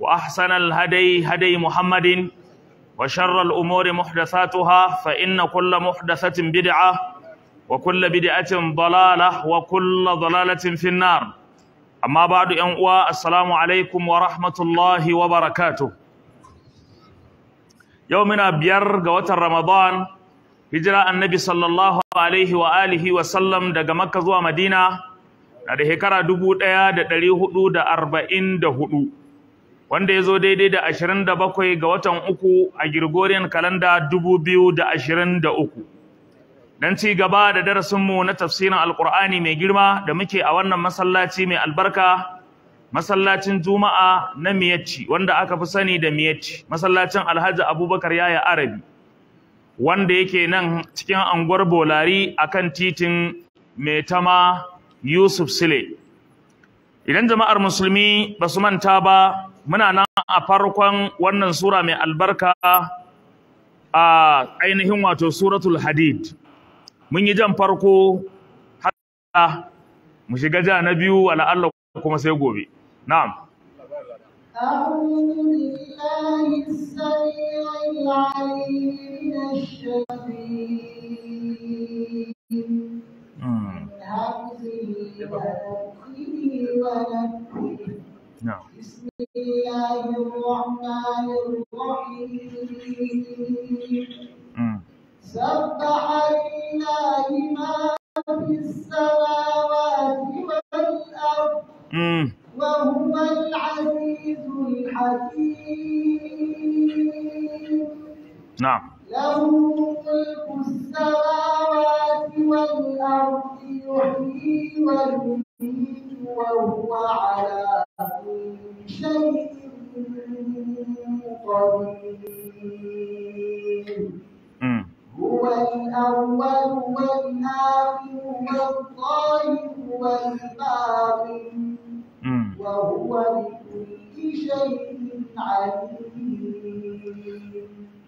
وأحسن الهدي هدي محمد وشر الأمور محدثاتها فإن كل محدثة بدعة وكل بدعة ضلالة وكل ضلالة في النار أما بعد أنواع السلام عليكم ورحمة الله وبركاته يومنا بير قوة رمضان هجرة النبي صلى الله عليه وآله وسلم دقى مكة مدينة da shekara dubu ɗaya da ɗari hudu da arba'in da hudu wanda ya zo daidai da ashirin da bakwai ga watan uku a Gregorian kalanda dubu biyu da ashirin da uku. Don ci gaba da darasinmu na tafsirin Alƙur'ani mai girma da muke a wannan masallaci mai albarka, masallacin Juma'a na Miyacci, wanda aka fi sani da Miyacci, masallacin Alhaji Abubakar Yaya Arabi, wanda yake nan cikin anguwar Bolari a kan titin Metama Yusuf Sile. Idan jama'ar musulmi ba su manta ba, muna nan a farkon wannan sura mai albarka a ainihin wato suratul hadid mun yi jan farko har mu shiga ja na biyu wala'alla kuma sai gobe na'am أعوذ بالله السميع العليم من الله الرحمن الرحيم سبح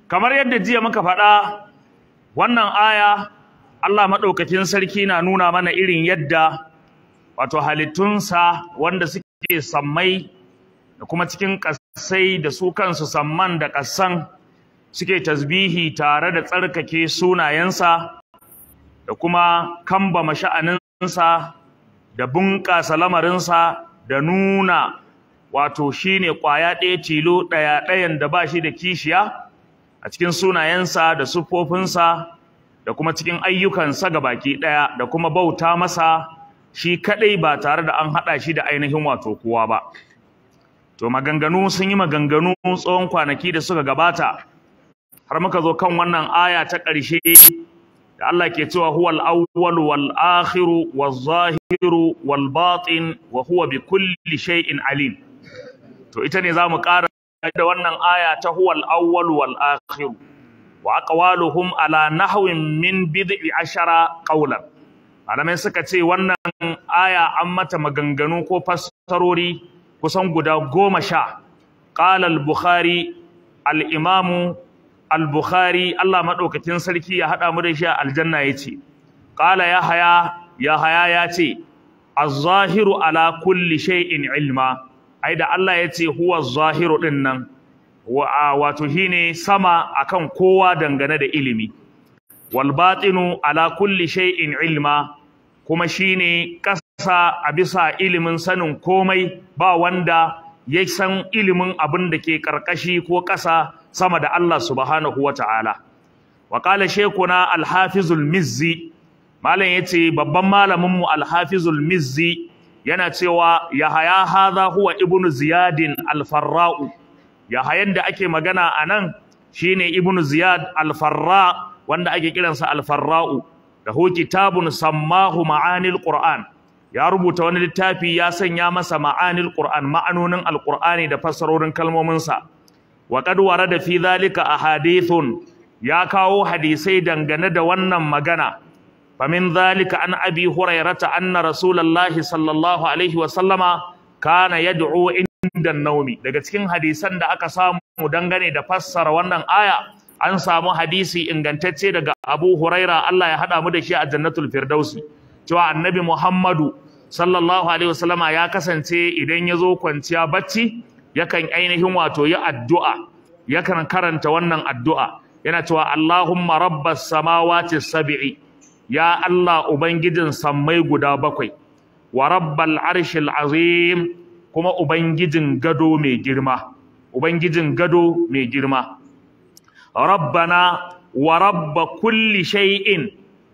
kamar yadda jiya muka faɗa wannan aya Allah maɗaukakin sarki na nuna mana irin yadda wato halittunsa wanda suke sammai da kuma cikin ƙasai da su kansu samman da ƙasan suke tasbihi tare da tsarkake sunayensa da kuma kamba sha'aninsa da bunƙasa lamarinsa da nuna wato shine kwaya ɗaya tilo ɗaya ɗayan da ba shi da kishiya a cikin sunayensa da siffofinsa da kuma cikin ayyukansa ga baki ɗaya da kuma bauta masa shi kaɗai ba tare da an haɗa shi da ainihin wato kowa ba to maganganu sun yi maganganu tsohon kwanaki da suka gabata har muka zo kan wannan aya ta ƙarshe da Allah ke cewa huwal awwal wal akhiru wal zahir wal batin wa huwa bi kulli shay'in alim to ita ne za mu ƙara da wannan aya ta huwal awwal wal akhir wa aqwaluhum ala nahwin min bid'i ashara qawlan malamai suka ce wannan aya an mata maganganu ko fassarori kusan guda goma sha qala al-bukhari al-imamu al-bukhari Allah madaukakin sarki ya hada mu da shi aljanna yace qala ya haya ya haya yace az-zahiru ala kulli shay'in ilma ai da Allah ya ce huwa zahiru din nan wato shine sama akan kowa dangane da ilimi wal batinu ala kulli shay'in ilma kuma shine kasa a bisa ilimin sanin komai ba wanda ya san ilimin abin da ke karkashi ko ƙasa sama da Allah subhanahu wata'ala wa qala shaykhuna al-hafizul mizzi malam yace babban malamin mu al mizzi yana cewa yahaya hadha huwa ibnu ziyadin al-farra'u yahayan da ake magana anan shine ibnu ziyad al-farra wanda ake kiransa al-farra'u da hu kitabun sammahu ma'anil qur'an ya rubuta wani littafi ya sanya masa ma'anil qur'an ma'anonin al da fassarorin kalmominsa wa qad warada fi dhalika ahadithun ya kawo hadisai dangane da wannan magana Famin zalika an abi hurairata أن رسول الله صلى الله عليه وسلم كان يدعو عند النوم daga cikin hadisan da aka samu dangane da fassara wannan aya an samu hadisi ingantacce daga Abu Huraira Allah ya haɗa mu da shi a Jannatul Firdausi cewa Annabi Muhammadu sallallahu alaihi wasallama ya kasance idan ya zo kwanciya bacci yakan ainihin wato yi addu'a yakan karanta wannan addu'a yana cewa Allahumma rabbas samawati sab'i ya Allah ubangijin sammai guda bakwai wa rabbal arshil azim kuma ubangijin gado mai girma ubangijin gado mai girma rabbana wa rabba kulli shay'in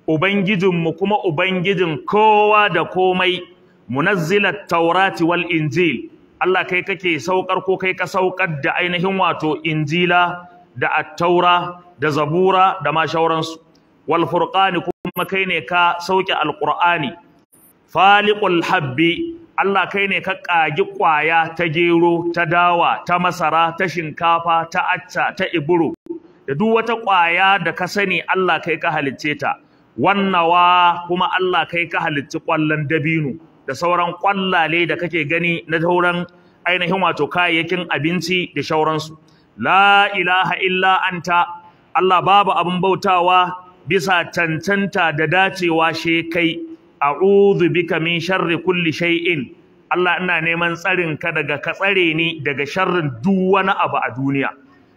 ubangijinmu kuma ubangijin kowa da komai munazzilat taurati wal injil Allah kai kake saukar ko kai ka saukar da ainihin wato injila da attaura da zabura da ma shauransu wal furqani kuma kai ne ka sauke Alƙur'ani? faliƙul habbi Allah kai ne ka ƙagi ƙwaya ta gero ta dawa ta masara ta shinkafa ta acca ta iburo da duk wata ƙwaya da ka sani Allah kai ka halicce ta wannawa kuma Allah kai ka halicci ƙwallon dabino da sauran ƙwallale da kake gani na sauran ainihin wato kayayyakin abinci da shauransu la ilaha illa anta Allah babu abin bautawa bisa cancanta da dacewa she kai a'udhu bika min sharri kulli shay'in Allah ina neman tsarin ka daga ka tsare ni daga sharrin duk wani abu a duniya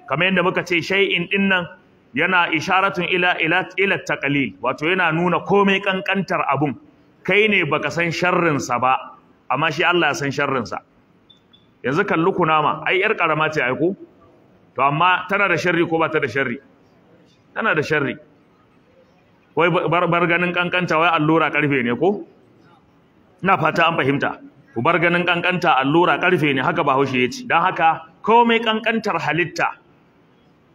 kamar yadda muka ce shay'in din nan yana isharatun ila ila ila taqlil wato yana nuna komai kankantar abun kai ne baka san sharrin sa ba amma shi Allah ya san sharrin sa yanzu kallu kunama ai yar karama ce ai ko to amma tana da sharri ko ba ta da sharri tana da sharri wai bar ganin kankanta wai allura karfe ne ko ina fata an fahimta ku bar ganin kankanta allura karfe ne haka bahaushe ya yace don haka komai kankantar halitta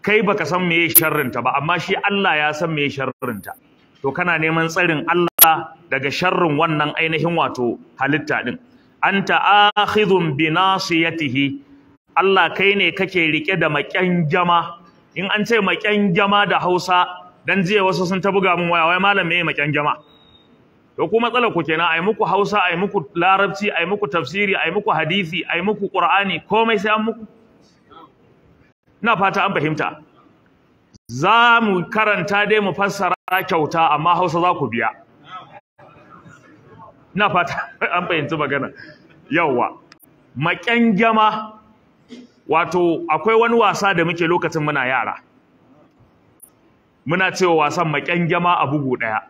kai baka san meye sharrinta ba amma shi Allah ya san meye sharrinta to kana neman tsarin Allah daga sharrin wannan ainihin wato halitta din anta akhidhun bi nasiyatihi Allah kai ne kake rike da maƙyan jama in an ce maƙyan jama da Hausa dan jiya wasu sun ta buga min waya wai malam meye maƙyan jama to ku matsalar ku kenan ai muku Hausa ai muku Larabci ai muku tafsiri ai muku hadisi ai muku Qur'ani komai sai an muku ina fata an fahimta za mu karanta dai mu fassara kyauta amma Hausa za ku biya ina fata an fahimci magana yawa maƙyan jama wato akwai wani wasa da muke lokacin muna yara muna cewa wasan maƙyangyama a bugu ɗaya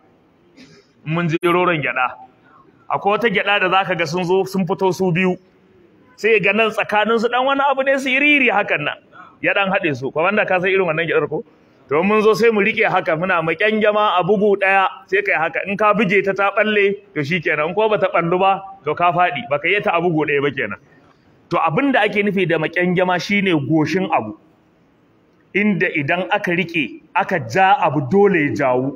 mun ji roron gyaɗa akwai wata gyaɗa da zaka ga sun zo sun fito su biyu sai ga nan tsakanin su dan wani abu ne su iriri hakan nan ya dan haɗe su ko wanda ka san irin wannan gyaɗar ko to mun zo sai mu rike haka muna maƙyangyama a bugu ɗaya sai kai haka in ka buge ta ta balle to shikenan in ko ba ta ballu ba to ka faɗi baka yi ta a bugu ɗaya ba kenan to abin da ake nufi da maƙyangyama shine goshin abu inda idan aka rike aka ja abu dole ya jawo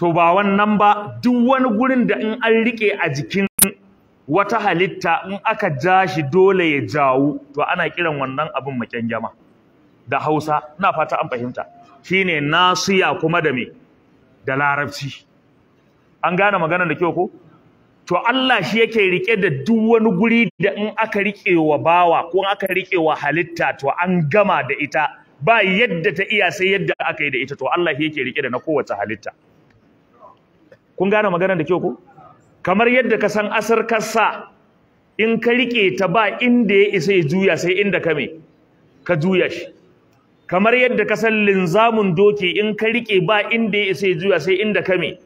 to ba wannan ba duk wani gurin da in an rike a jikin wata halitta in aka ja shi dole ya jawo to ana kiran wannan abin makyangama da Hausa ina fata an fahimta shine nasiya kuma da me da larabci an gane maganar da kyau ko to Allah shi yake rike da duk wani guri da in aka rike wa bawa ko in aka rike wa halitta to an gama da ita ba yadda ta iya sai yadda aka yi da ita to Allah shi yake rike da na kowace halitta kun gane maganar da kyau ko kamar yadda ka san asar kasa in ka rike ta ba inda ya isa ya juya sai inda ka me ka juya shi kamar yadda ka san linzamun doki in ka rike ba inda ya isa ya juya sai inda ka me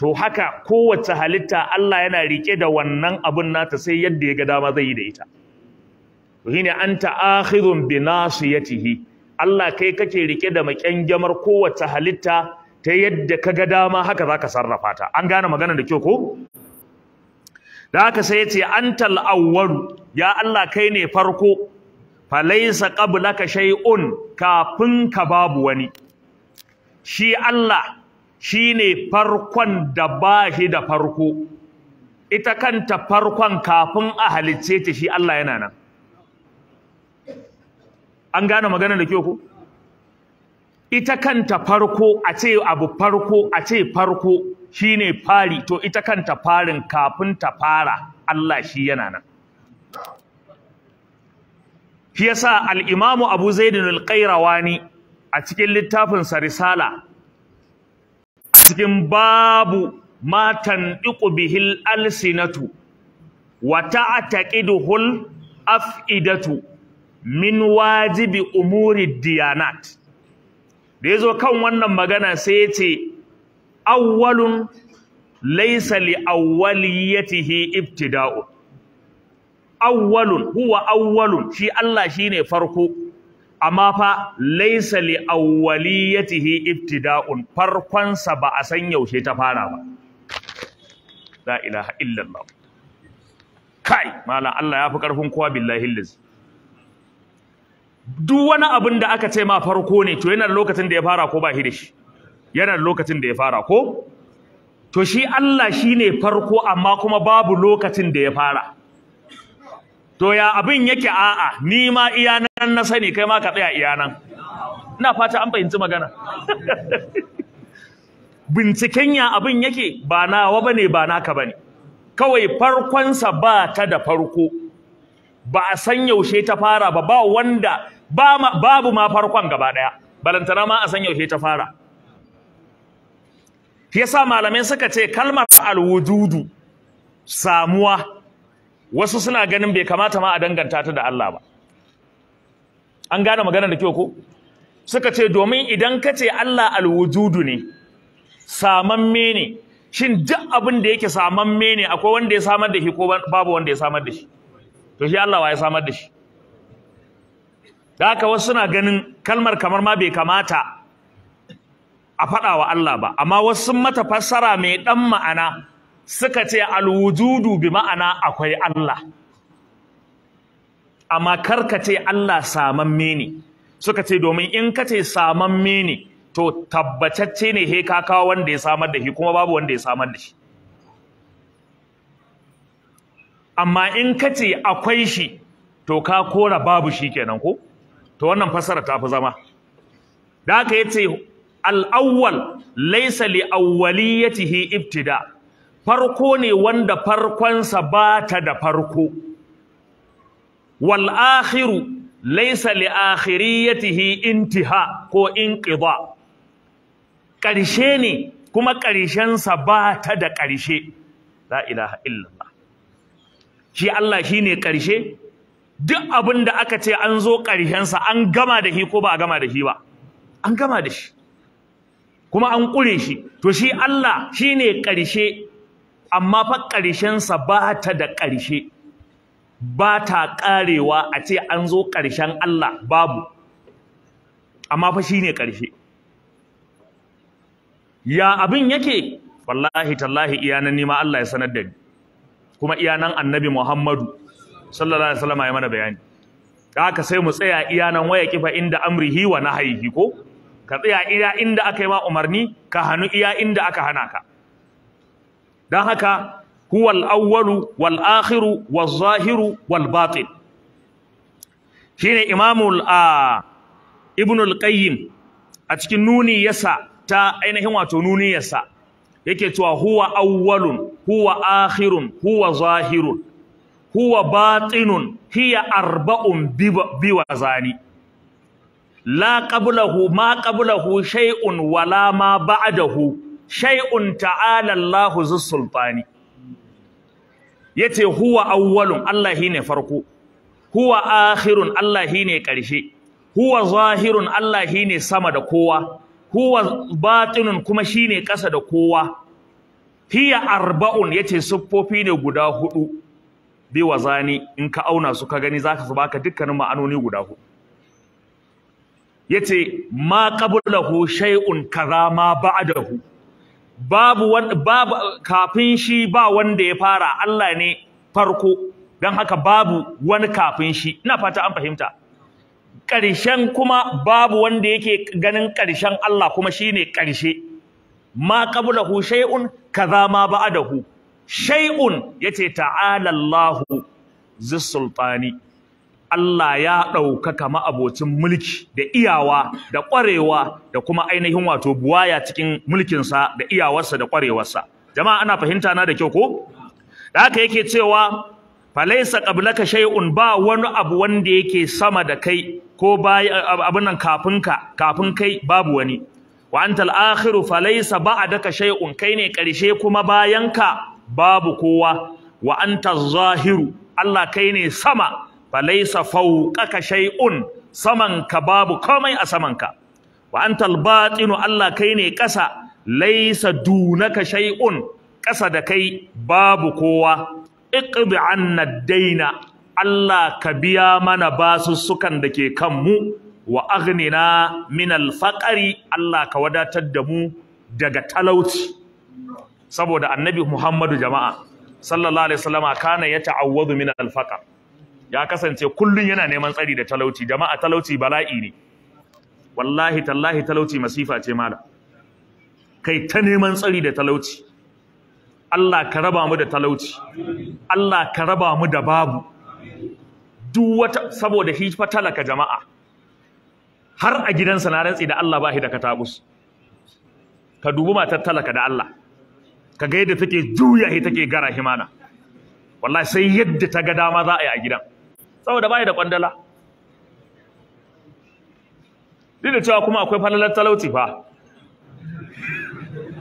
to haka kowace halitta Allah yana rike da wannan abun nata sai yadda ya ga dama zai yi da ita to shine anta akhidun bi nasiyatihi Allah kai kake rike da makyangyamar kowace halitta ta yadda ka ga dama haka zaka sarrafa ta an gane magana da kyau ko da haka sai yace antal awwal ya Allah kai ne farko falaisa qablaka shay'un kafin ka babu wani shi Allah Shi ne farkon da ba shi da farko ita kanta farkon kafin a halicce ta shi Allah yana nan an gane magana da kyau ko ita kanta farko a ce abu farko a ce farko shi ne fari to ita kanta farin kafin ta fara Allah shi yana nan fiye sa al'imamu Abu Zaid al ne a cikin littafinsa Risala cikin babu matan ɗiƙu bihil alsinatu wa ta'taqiduhul af'idatu min wajibi umuri diyanat da yazo kan wannan magana sai ya ce awwalun laysa li awwaliyatihi ibtida'u awwalun huwa awwalun shi Allah shine farko amma fa laisa li awwaliyatihi ibtida'un farkon sa ba a san yaushe ta fara ba la ilaha illallah kai malam Allah ya fi karfin kowa billahi lillahi duk wani abin da aka ce ma farko ne to yana lokacin da ya fara ko ba shi da shi yana lokacin da ya fara ko to shi Allah shine farko amma kuma babu lokacin da ya fara to ya abin yake a'a ni ma iya na sani kai ma ka tsaya iya nan ina fata an fahimci magana binciken ya abin yake ba nawa bane ba naka bane kawai farkonsa ba ta da farko ba a san yaushe ta fara ba ba wanda babu ma farkon gaba daya balantana ma a san yaushe ta fara yasa malamai suka ce kalmar alwududu samuwa wasu suna ganin bai kamata ma a danganta ta da Allah ba an gane magana da kyau ko suka ce domin idan ka ce Allah alwujudu ne samamme ne shin duk abin da yake samamme ne akwai wanda ya samar da shi ko babu wanda ya samar da shi to shi Allah wa ya samar da shi da haka wasu suna ganin kalmar kamar ma bai kamata a faɗa wa Allah ba amma wasu mata fassara mai ɗan ma'ana suka ce alwujudu bi ma'ana akwai Allah amma karka ce Allah samamme ne suka ce domin in ka ce samamme ne to tabbatacce ne he ka kawo wanda ya samar da shi kuma babu wanda ya samar da shi amma in ka ce akwai shi to ka kora babu shi kenan ko to wannan fassara ta fi zama da haka yace al-awwal laysa li awwaliyatihi ibtida' farko ne wanda farkonsa ba ta da farko wal laisa laysa ya akhiriyatihi intiha ko in ƙarshe ne kuma ƙarshensa ba ta da ƙarshe la ilaha illallah shi Allah shi ne ƙarshe duk abin da aka ce an zo ƙarshensa an gama da shi ko ba a gama da shi ba an gama da shi kuma an ƙure shi to shi Allah shi ne ƙarshe amma fa ƙarshensa ba ta da ƙarshe ba ta ƙarewa a ce an zo ƙarshen Allah babu amma fa shi ne ƙarshe ya abin yake wallahi tallahi iyanan nima Allah ya sanar da ni kuma iyanan annabi Muhammadu sallallahu alaihi wasallam ya mana bayani da haka sai mu tsaya iyanan waya kifa inda amrihi wa nahayihi ko ka tsaya iya inda aka yi ma umarni ka hanu iya inda aka hana ka don haka huwal awwalu wal akhiru wal zahiru wal batin shine imamul a ibnul qayyim a cikin nuni yasa ta ainihin wato nuni yasa yake cewa huwa awwalun huwa akhirun huwa zahirun huwa batinun hiya arba'un zani. la qablahu ma qablahu shay'un wala ma ba'dahu shay'un ta'ala Allahu zu sultani yace huwa awwalun Allah ne farko huwa akhirun Allah ne ƙarshe huwa zahirun Allah ne sama da kowa huwa batinun kuma shine ƙasa da kowa hiya arba'un yace siffofi ne guda hudu bi wazani in ka auna su ka gani zaka su baka dukkanin ma'anoni guda hudu yace ma qablahu shay'un kaza ma ba'dahu babu babu kafin shi ba wanda ya fara Allah ne farko don haka babu wani kafin shi ina fata an fahimta ƙarshen kuma babu wanda yake ganin ƙarshen Allah kuma shine ƙarshe ma qablahu shay'un kaza ma ba'dahu shay'un yace ta'ala Allahu zis sultani Allah ya ɗaukaka ma'abocin mulki da iyawa da ƙwarewa da kuma ainihin wato buwaya cikin mulkinsa da iyawarsa da ƙwarewarsa. Jama'a ana fahimta na da kyau ko? Da haka yake cewa falaisa ƙablaka shay'un ba wani abu wanda yake sama da kai ko abin nan kafin kai babu wani. Wa antal akhiru falaisa daka shay'un kai ne ƙarshe kuma bayan ka babu kowa wa zahiru Allah kai ne sama falaisa fawqaka shay'un saman ka babu komai a saman ka wa antal batinu Allah kai ne ƙasa laisa dunaka shay'un ƙasa da kai babu kowa iqbi anna daina Allah ka biya mana basussukan da ke kanmu wa aghnina min alfaqari Allah ka wadatar da mu daga talauci saboda annabi Muhammadu jama'a sallallahu alaihi wasallama kana yata'awwadu min alfaqar ya kasance kullun yana neman tsari da talauci jama'a talauci bala'i ne wallahi tallahi talauci masifa ce mala kai ta neman tsari da talauci Allah ka raba mu da talauci Allah ka raba mu da babu duk wata saboda shi fa talaka jama'a har a gidansa na rantsi da Allah ba shi da katabus ka dubi matar talaka da Allah ka ga yadda take juya shi take gara himana wallahi sai yadda ta ga dama za a yi a gidan saboda bai da kwandala Ni da cewa kuma akwai falalar talauci fa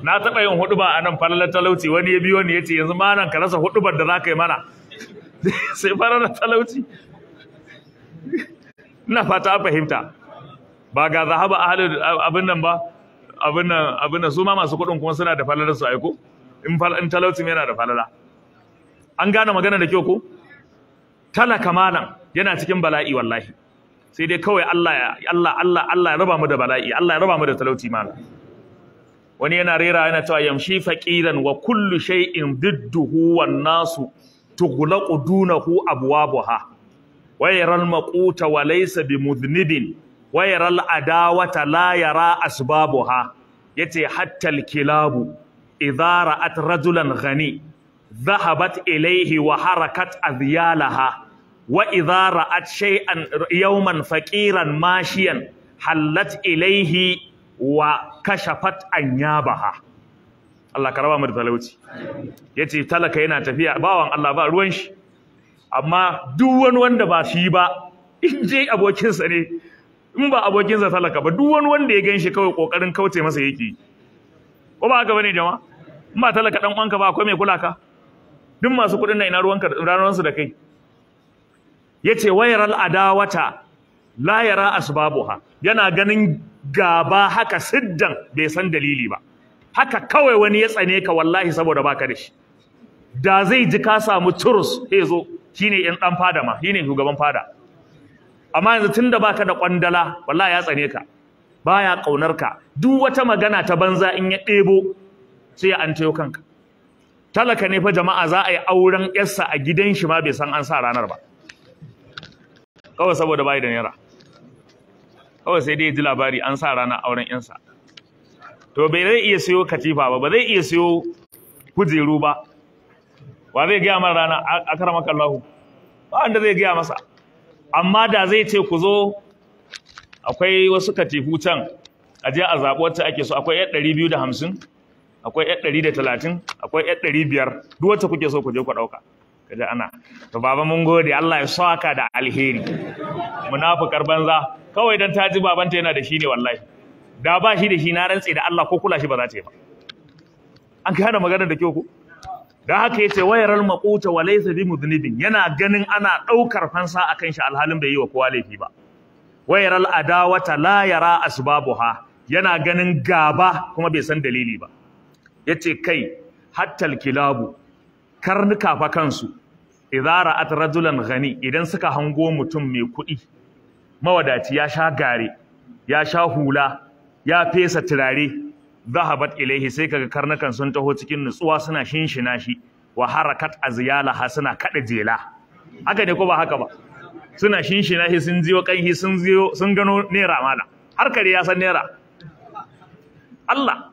na taɓa yin hudu ba a nan falalar talauci wani ya biyo ni ya ce yanzu ma ka rasa hudubar da za ka yi mana sai falalar talauci ina fata fahimta ba ga zahaba ahalin abin nan ba abin nan abin nan su ma masu kuɗin kuma suna da falalar su aiko in talauci yana da falala an gane magana da kyau ko talaka malam yana cikin bala'i wallahi sai dai kawai Allah ya Allah Allah Allah ya raba mu da bala'i Allah ya raba mu da talauci malam wani yana rera yana cewa yamshi faqiran wa kullu shay'in didduhu wan nasu tughlaqu dunahu abwabuha wa yaral maquta wa laysa bimudhnibin wa yaral adawata la yara asbabuha yace hatta alkilabu idza ra'at rajulan ghani dhahabat ilayhi wa harakat adhyalaha wa idza ra'at shay'an yawman faqiran mashiyan hallat ilaihi wa kashafat anyabaha Allah ka mu da talauci yace talaka yana tafiya bawan Allah ba ruwan shi amma duk wani wanda ba shi ba in je abokinsa ne in ba abokinsa talaka ba duk wani wanda ya ganshi kawai kokarin kauce masa yake ko ba haka bane jama'a in ba talaka dan uwanka ba akwai mai kula ka duk masu kuɗin nan ina ruwanka ranar su da kai Ya yace wayral adawata la yara asbabuha yana ganin gaba haka siddan bai san dalili ba haka kawai wani ya tsane ka wallahi saboda baka da shi da zai ji ka samu turus sai zo shine yan dan fada ma shine shugaban fada amma yanzu tunda baka da kwandala wallahi ya tsane ka baya kaunar ka duk wata magana ta banza in ya ɗebo sai ya antayo kanka talaka ne fa jama'a za a yi auren yarsa a gidan shi ma bai san an sa ranar ba kawai saboda bai da naira kawai sai dai ji labari an sa ranar auren yansa to bai zai iya siyo katifa ba ba zai iya siyo kujeru ba wa zai gaya mara rana A karamar ba wanda zai gaya masa amma da zai ce ku zo akwai wasu katifu can a je a zaɓi wacce ake so akwai yar ɗari biyu da hamsin akwai yar ɗari da talatin akwai yar ɗari biyar duk wacce kuke so ku je ku ɗauka kaji ana to baba mun gode Allah ya saka da alheri munafukar banza kawai dan ta ji babanta yana da shi ne wallahi da ba shi da shi na rantse da Allah ko kula shi ba za ta yi ba an kai hana magana da kyau ko da haka yace wayaral maquta wa laysa bi mudnibin yana ganin ana daukar fansa akan shi alhalin bai yi wa kowa laifi ba wayaral adawata la yara asbabuha yana ganin gaba kuma bai san dalili ba yace kai hatta kilabu karnuka fa kansu Izara at rajulan ghani idan suka hango mutum mai kuɗi mawadaci ya sha gare ya sha hula ya fesa turare zahabat ilaihi sai kaga karnakan sun taho cikin nutsuwa suna shinshina shi wa harakat ha suna kada jela haka ne ko ba haka ba suna shinshina shi sun jiyo kanhi sun jiyo sun gano naira mala har kare ya san naira Allah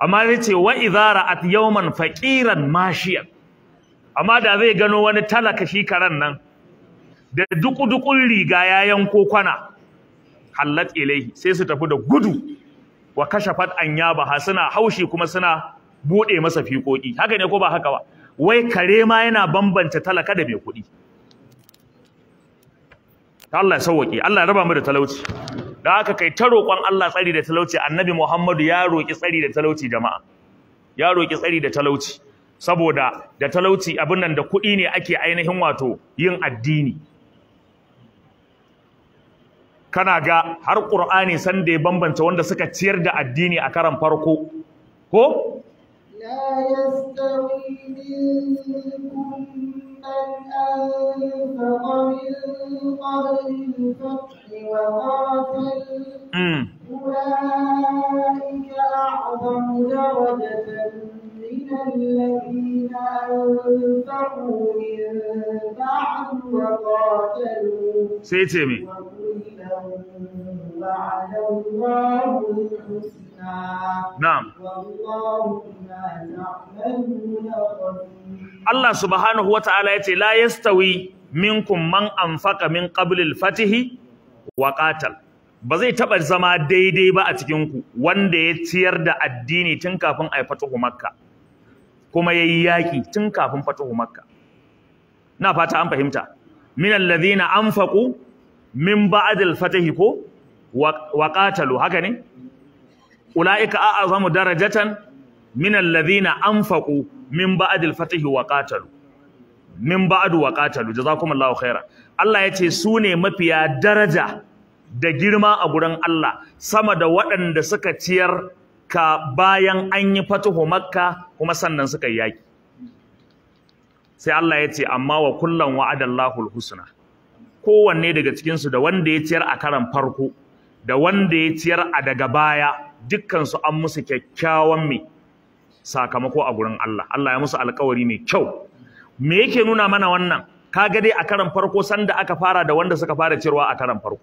amma yace wa izara at yawman faqiran mashiyan amma da zai gano wani talaka shi karen nan da duku-dukun riga ya yanko kwana hallat ilaihi sai su tafi da gudu wa kashe fat an ha suna haushi kuma suna buɗe masa fiƙoƙi haka ne ko ba haka ba wai kare ma yana bambanta talaka da mai kuɗi Allah ya sauwaƙe Allah ya raba mu da talauci da haka kai ta roƙon Allah tsari da talauci annabi Muhammadu ya roƙi tsari da talauci jama'a ya roƙi tsari da talauci saboda da talauci abin nan da kuɗi ne ake ainihin wato yin addini kana ga har ƙur'ani san da ya bambanta wanda suka ciyar da addini a karan farko ko Ya sai ce me Allah subhanahu wata'ala yace la min minkum man anfaqa min qabli fatihi wa qatal. Ba zai taɓa zama daidai ba a cikinku, wanda ya ciyar da addini tun kafin a yi fatuhu Makka. Kuma ya yi yaƙi tun kafin fatuhu Makka. Na fata an fahimta. min alladhina anfaqu min ba'd al-fatahi ko wa qatalu haka ne ulaika a'azamu darajatan min alladhina anfaqu min ba'd al-fatahi wa qatalu min ba'd wa qatalu jazakumullahu khairan Allah yace su ne mafiya daraja da girma a gurin Allah sama da waɗanda suka ciyar ka bayan an yi fatuhu makka kuma sannan suka yi yaƙi. sai Allah ya ce amma wa kullum wa'adallahu alhusna kowanne daga cikinsu da wanda ya ciyar a karan farko da wanda ya ciyar a daga baya dukkan su an musu kyakkyawan me sakamako a gurin Allah Allah ya musu alƙawari mai kyau me yake nuna mana wannan kaga dai a karan farko sanda aka fara da wanda suka fara ciyarwa a karan farko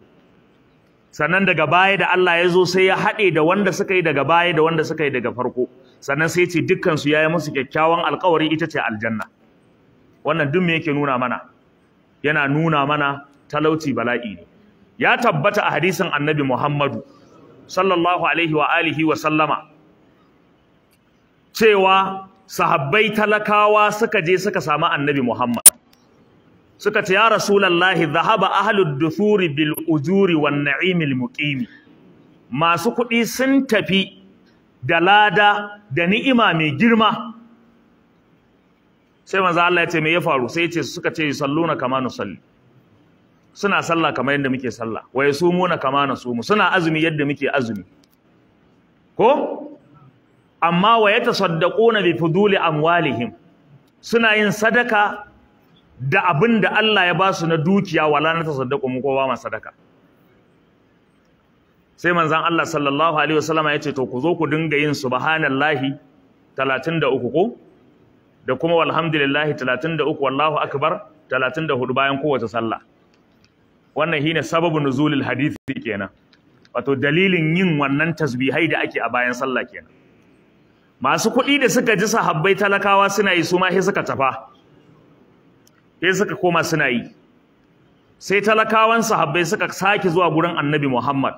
sannan daga baya da Allah ya zo sai ya haɗe da wanda suka yi daga baya da wanda suka yi daga farko sannan sai ce dukkan su yayi musu kyakkyawan alƙawari ita ce aljanna wannan duk me yake nuna mana yana nuna mana talauci bala'i ne ya tabbata a hadisin annabi Muhammadu sallallahu alaihi wa alihi wa sallama cewa sahabbai talakawa suka je suka samu annabi Muhammad suka ce ya rasulallahi zahaba ahlud duthuri bil ujuri wan na'imil muqimi masu kuɗi sun tafi da lada da ni'ima mai girma sai manzo Allah ya ce me ya faru sai ya ce suka ce salluna kama nusalli suna sallah kamar yadda muke sallah wa yasumuna kama nasumu suna azumi yadda muke azumi ko amma wa yatasaddaquna bi fuduli amwalihim suna yin sadaka da abin da Allah ya basu na dukiya wala na tasaddaqu mu ko ma sadaka sai manzon Allah sallallahu alaihi wasallama ya ce to ku zo ku dinga yin subhanallahi 33 ko da kuma walhamdulillahi 33 wallahu akbar 34 bayan kowace sallah wannan shine sababu nuzulil hadisi kenan wato dalilin yin wannan tasbihai da ake a bayan sallah kenan masu kuɗi da suka ji sahabbai talakawa suna yi su ma sai suka tafa sai suka koma suna yi sai talakawan sahabbai suka sake zuwa gurin annabi Muhammad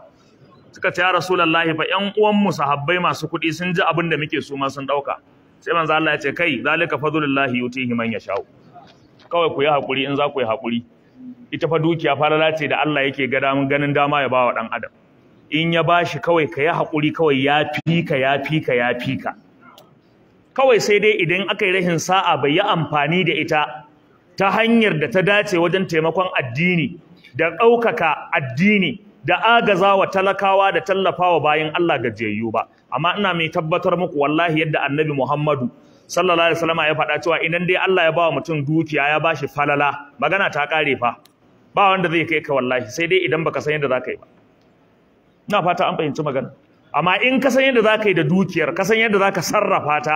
suka ce ya rasulullahi fa ƴan uwanmu sahabbai masu kuɗi sun ji abin da muke su ma sun ɗauka sai manzo Allah ya ce kai zalika fadlullahi yutihi man yasha'u kawai ku yi hakuri in za ku yi hakuri ita fa dukiya falala ce da Allah yake ga damun ganin dama ya bawa dan adam in ya bashi kawai ka yi hakuri kawai ya fika ya fika ya fika kawai sai dai idan aka yi rahin sa'a bai yi amfani da ita ta hanyar da ta dace wajen taimakon addini da ɗaukaka addini da agazawa talakawa da tallafawa bayan Allah gajiyayyu ba amma ina mai tabbatar muku wallahi yadda annabi Muhammadu sallallahu alaihi wasallam ya faɗa cewa idan dai Allah ya bawa mutum dukiya ya bashi falala magana ta kare fa ba wanda zai kai ka wallahi sai dai idan baka san yadda zaka yi ba ina fata an fahimci magana amma in ka san yadda zaka yi da dukiyar ka san yadda zaka sarrafa ta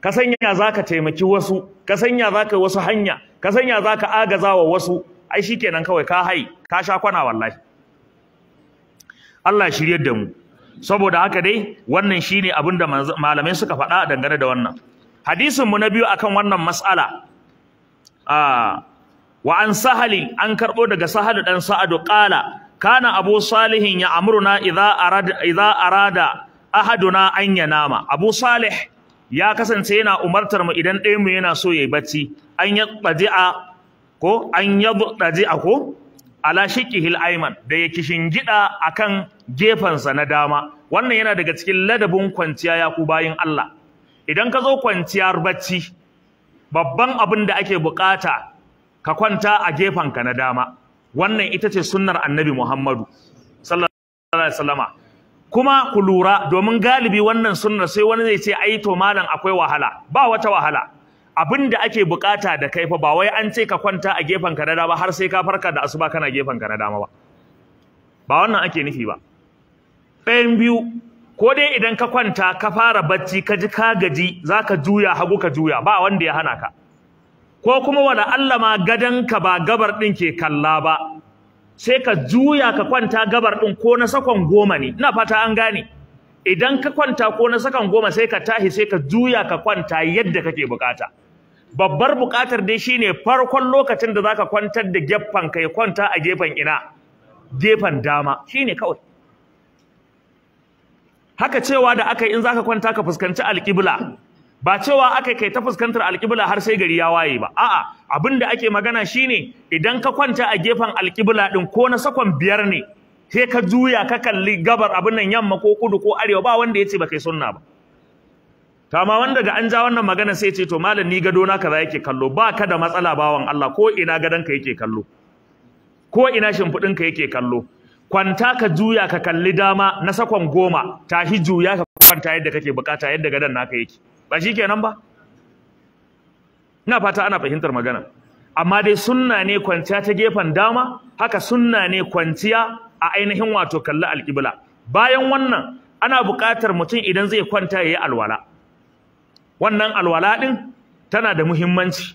ka san ya zaka taimaki wasu ka san ya zaka yi wasu hanya ka san ya zaka agazawa wasu ai shikenan kawai ka hai ka sha kwana wallahi Allah shiryar da mu saboda haka dai wannan shine abin da malamai suka faɗa dangane da wannan hadisin mu na biyu akan wannan mas'ala ah wa an sahali an karbo daga sahadu dan sa'adu qala kana abu salih ya amruna idza arada idza arada ahaduna an yanama abu salih ya kasance yana umartar mu idan ɗaya mu yana so yayi bacci an yaddaji'a ko an yaddaji'a ko ala shiqihil ayman da ya kishin gida akan gefansa na dama wannan yana daga cikin ladabin kwanciya ya ku bayin Allah idan ka zo kwanciyar bacci babban abin da ake bukata ka kwanta a gefanka na dama wannan ita ce sunnar annabi Muhammadu sallallahu alaihi wasallama kuma ku lura domin galibi wannan sunnar sai wani zai ce ai to malam akwai wahala ba wata wahala abin da ake bukata da kai fa ba wai an ce ka kwanta a gefanka na dama har sai ka farka da asuba kana gefanka na dama ba ba wannan ake nufi ba ɗayan biyu ko dai idan ka kwanta ka fara bacci ka ji ka gaji ka juya hagu ka juya ba wanda ya hana ka ko kuma wala Allah ma ka ba gabar ɗin ke kalla ba sai ka juya ka kwanta gabar ɗin ko na sakon goma ne ina fata an gane idan ka kwanta ko na sakon goma sai ka tahi sai ka juya ka kwanta yadda kake bukata babbar bukatar dai shine farkon lokacin da zaka kwantar da gefen ka ya kwanta a gefen ina gefen dama shine kawai haka cewa da aka in zaka kwanta ka fuskanci alƙibla ba cewa aka kai ta fuskantar alƙibla har sai gari ya waye ba a'a abin da ake magana shine idan ka kwanta a gefen alƙibla din ko na sakon biyar ne sai ka juya ka kalli gabar abin nan yamma ko kudu ko arewa ba wanda yace ba kai sunna ba Ta ma wanda ga an ja wannan magana sai ce to malam ni gado na kaza yake kallo ba ka da matsala bawan Allah ko ina gadon ka yake kallo ko ina shimfiɗin ka yake kallo kwanta ka juya ka kalli dama na sakon goma tashi juya ka kwanta yadda kake bukata yadda gadon naka yake ba shi kenan ba ina fata ana fahimtar magana amma dai sunna ne kwanciya ta gefen dama haka sunna ne kwanciya a ainihin wato kalli alƙibla bayan wannan ana buƙatar mutum idan zai kwanta ya yi alwala wannan alwala ɗin tana da muhimmanci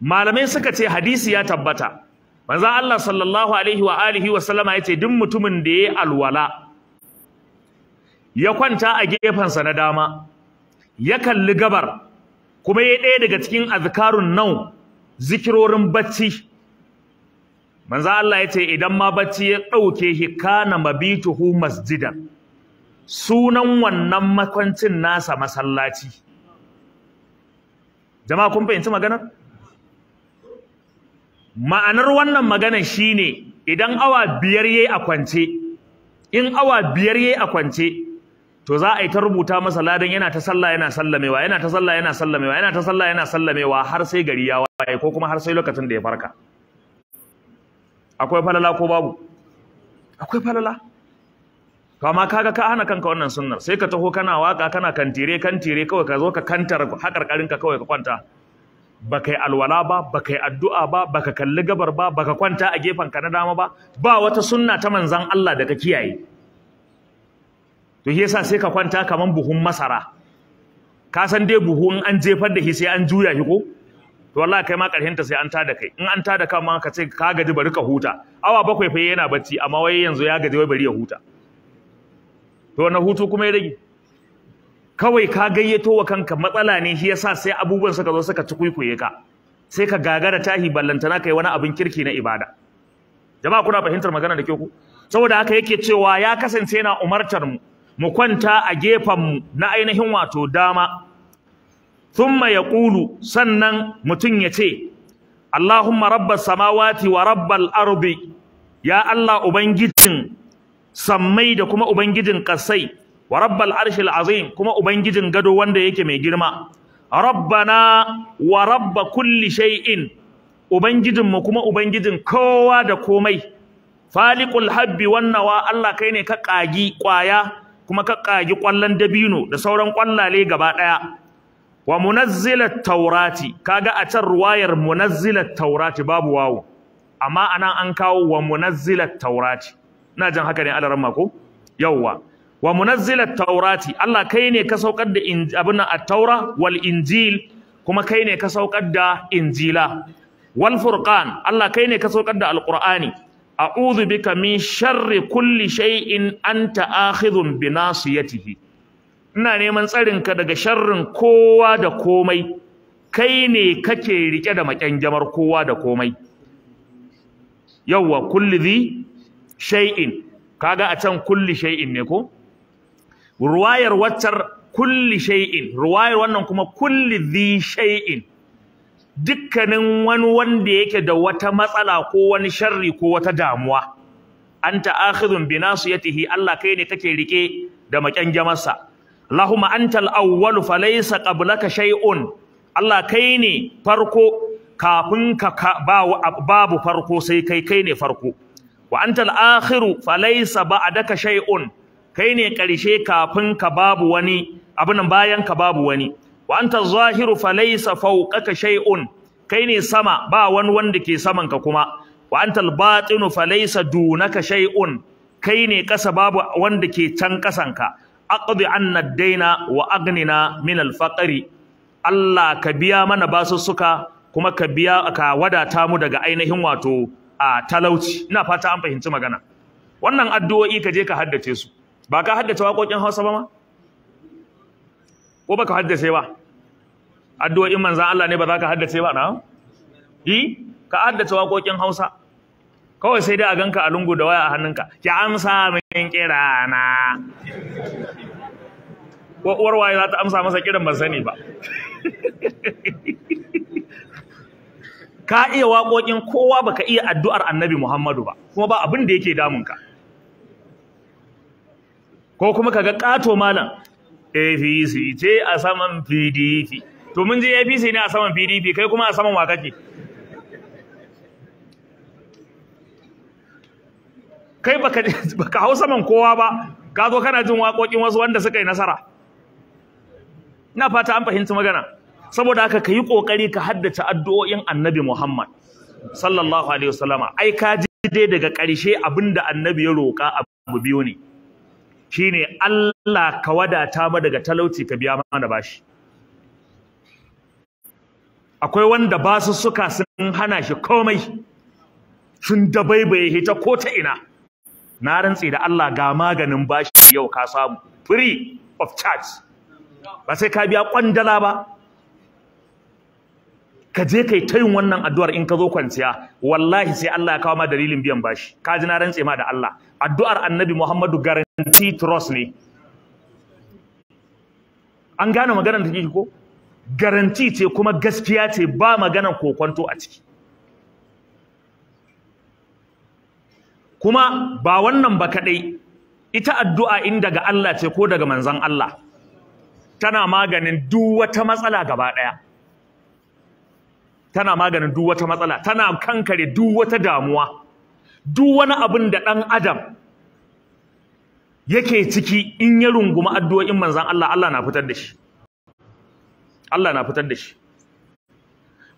malamai suka ce hadisi ya tabbata manzo Allah sallallahu alaihi wa alihi wa sallama yace duk mutumin da yayi alwala ya kwanta a gefen sa na dama ya kalli gabar kuma yayi ɗaya daga cikin azkarun nau zikirorin bacci manzo Allah yace idan ma bacci ya dauke shi kana mabituhu masjidan sunan wannan makwancin nasa masallaci jama'a kun fahimci maganar ma'anar wannan magana shi ne idan awa biyar yayi a kwance in awa biyar yayi a kwance to za a yi ta rubuta masa ladan yana ta sallah yana sallamewa yana ta sallah yana sallamewa yana ta sallah yana sallamewa har sai gari ya waye ko kuma har sai lokacin da ya farka akwai falala ko babu akwai falala to amma kaga ka hana kanka wannan sunnar sai ka taho kana waka kana kantire kantire kawai ka zo ka kantar haƙarƙarinka kawai ka kwanta baka yi alwala ba baka yi addu'a ba baka kalli gabar ba baka kwanta a gefen ka na dama ba ba wata sunna ta manzan Allah da ka kiyaye to shi yasa sai ka kwanta kamar buhun masara ka san dai buhu in an jefar da shi sai an juya shi ko to wallahi kai ma karshen ta sai an tada kai in an tada ka ma ka ce ka gaji bari ka huta awa bakwai fa yana bacci amma wai yanzu ya gaji wai bari ya huta to wannan hutu kuma ya rage kawai ka gayyato wa kanka matsala ne shi yasa sai abubuwan suka zo suka tukuikuye ka sai ka gagara tahi ballantana kai wani abin kirki na ibada jama'a kuna fahimtar magana da kyau ku saboda haka yake cewa ya kasance yana umartar mu mu kwanta a gefen mu na ainihin wato dama thumma yaqulu sannan mutun yace Allahumma rabbas samawati wa rabbal ardi ya Allah ubangijin sammai da kuma ubangijin kasai wa rabbal arshil azim kuma ubangijin gado wanda yake mai girma rabbana wa rabb kulli shay'in ubangijinmu kuma ubangijin kowa da komai faliqul habbi wan nawa Allah kai ne ka kagi kwaya kuma ka kagi kwallon dabino da sauran kwallale gaba daya wa munazzilat taurati kaga a can ruwayar munazzilat taurati babu wawo amma anan an kawo wa munazzilat taurati ina jin haka ne alaran mako yawwa wa munazzila taurati Allah kai ne ka saukar da abin at-taura wal injil kuma kai ne ka saukar da injila wal furqan Allah kai ne ka saukar da alqur'ani a'udhu bika min sharri kulli shay'in anta akhidhun bi nasiyatihi ina neman tsarinka daga sharrin kowa da komai kai ne kake rike da maƙyangyamar kowa da komai yawwa kulli dhi shay'in kaga a can kulli shay'in ne ko ruwayar waccar kulli shay'in ruwayar wannan kuma kulli dhi shay'in dukkanin wani wanda yake da wata matsala ko wani sharri ko wata damuwa anta akhidhun bi nasiyatihi Allah kai ne kake rike da makyangamarsa Allahumma antal awwal fa laysa qablaka shay'un Allah kai ne farko kafin ka babu farko sai kai kai ne farko wa antal akhiru fa laysa ba'daka shay'un kai ne ƙarshe kafin ka babu wani abin bayan ka babu wani wa anta zahiru falaysa fawqaka shay'un kai ne sama ba wani wanda ke saman ka kuma wa anta albatinu falaysa dunaka shay'un kai ne ƙasa babu wanda ke can kasan ka aqdi anna daina wa agnina min alfaqri Allah ka biya mana basussuka kuma ka biya ka wadata mu daga ainihin wato a talauci ina fata an fahimci magana wannan addu'o'i ka je ka haddace su ba ka haddace waƙoƙin Hausa ba ma ko ba ka haddace ba addu'o'in manzan Allah ne ba za ka haddace ba na yi ka haddace waƙoƙin Hausa kawai sai dai a ganka a lungu da waya a hannunka ki amsa min kirana ko uwar waye za ta amsa masa kiran ban sani ba ka iya waƙoƙin kowa baka iya addu'ar annabi Muhammadu ba kuma ba abin da yake damunka ko kuma kaga kato malam APC ce a saman PDP to mun je APC ne a saman PDP kai kuma a saman wa kake kai baka baka hau saman kowa ba ka zo kana jin waƙoƙin wasu wanda suka yi nasara ina fata an fahimci magana saboda haka ka yi kokari ka haddace addu'o'in Annabi Muhammad sallallahu alaihi wasallama ai ka ji dai daga ƙarshe abinda Annabi ya roƙa abu biyu ne shine Allah ka wadata mu daga talauci ka biya mana bashi akwai wanda basu suka sun hana shi komai sun dabaibaye hita ko ta ina na rantsi da Allah ga maganin bashi yau ka samu free of charge ba sai ka biya kwandala ba ka je kai ta yin wannan addu'ar in ka zo kwanciya wallahi sai Allah ya kawo ma dalilin biyan bashi ka ji na rantse ma da Allah addu'ar annabi Muhammadu garin trust ne an gane maganar da ko garanti ce kuma gaskiya ce ba maganar kwanto a ciki kuma ba wannan ba kadai ita addu'a in daga Allah ce ko daga manzon Allah tana maganin duk wata matsala gaba daya tana maganin duk wata matsala tana kankare duk wata damuwa duk wani abin da dan adam yake ciki in ya runguma addu'o'in manzan Allah Allah na fitar da shi Allah na fitar da shi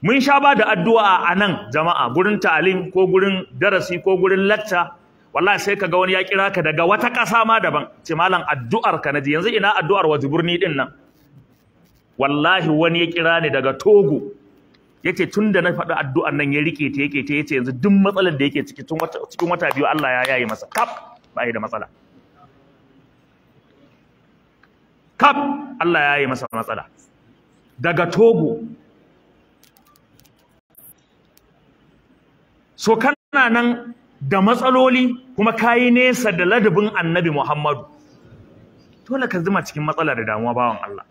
mun sha ba da addu'a a nan jama'a gurin ta'alim ko gurin darasi ko gurin lacca wallahi sai kaga wani ya kira ka daga wata ƙasa ma daban ce malam addu'ar ka naji yanzu ina addu'ar wajiburni din nan wallahi wani ya kira ni daga Togo yace tun da na faɗi addu'ar nan ya rike ta yake ta yace yanzu duk matsalar da yake ciki tun cikin wata biyu Allah ya yayi masa kaf ba da matsala kaf Allah ya yi masa matsala daga togo so kana nan da matsaloli kuma kayi nesa da ladabin annabi muhammadu dole ka zama cikin matsala da damuwa bawan Allah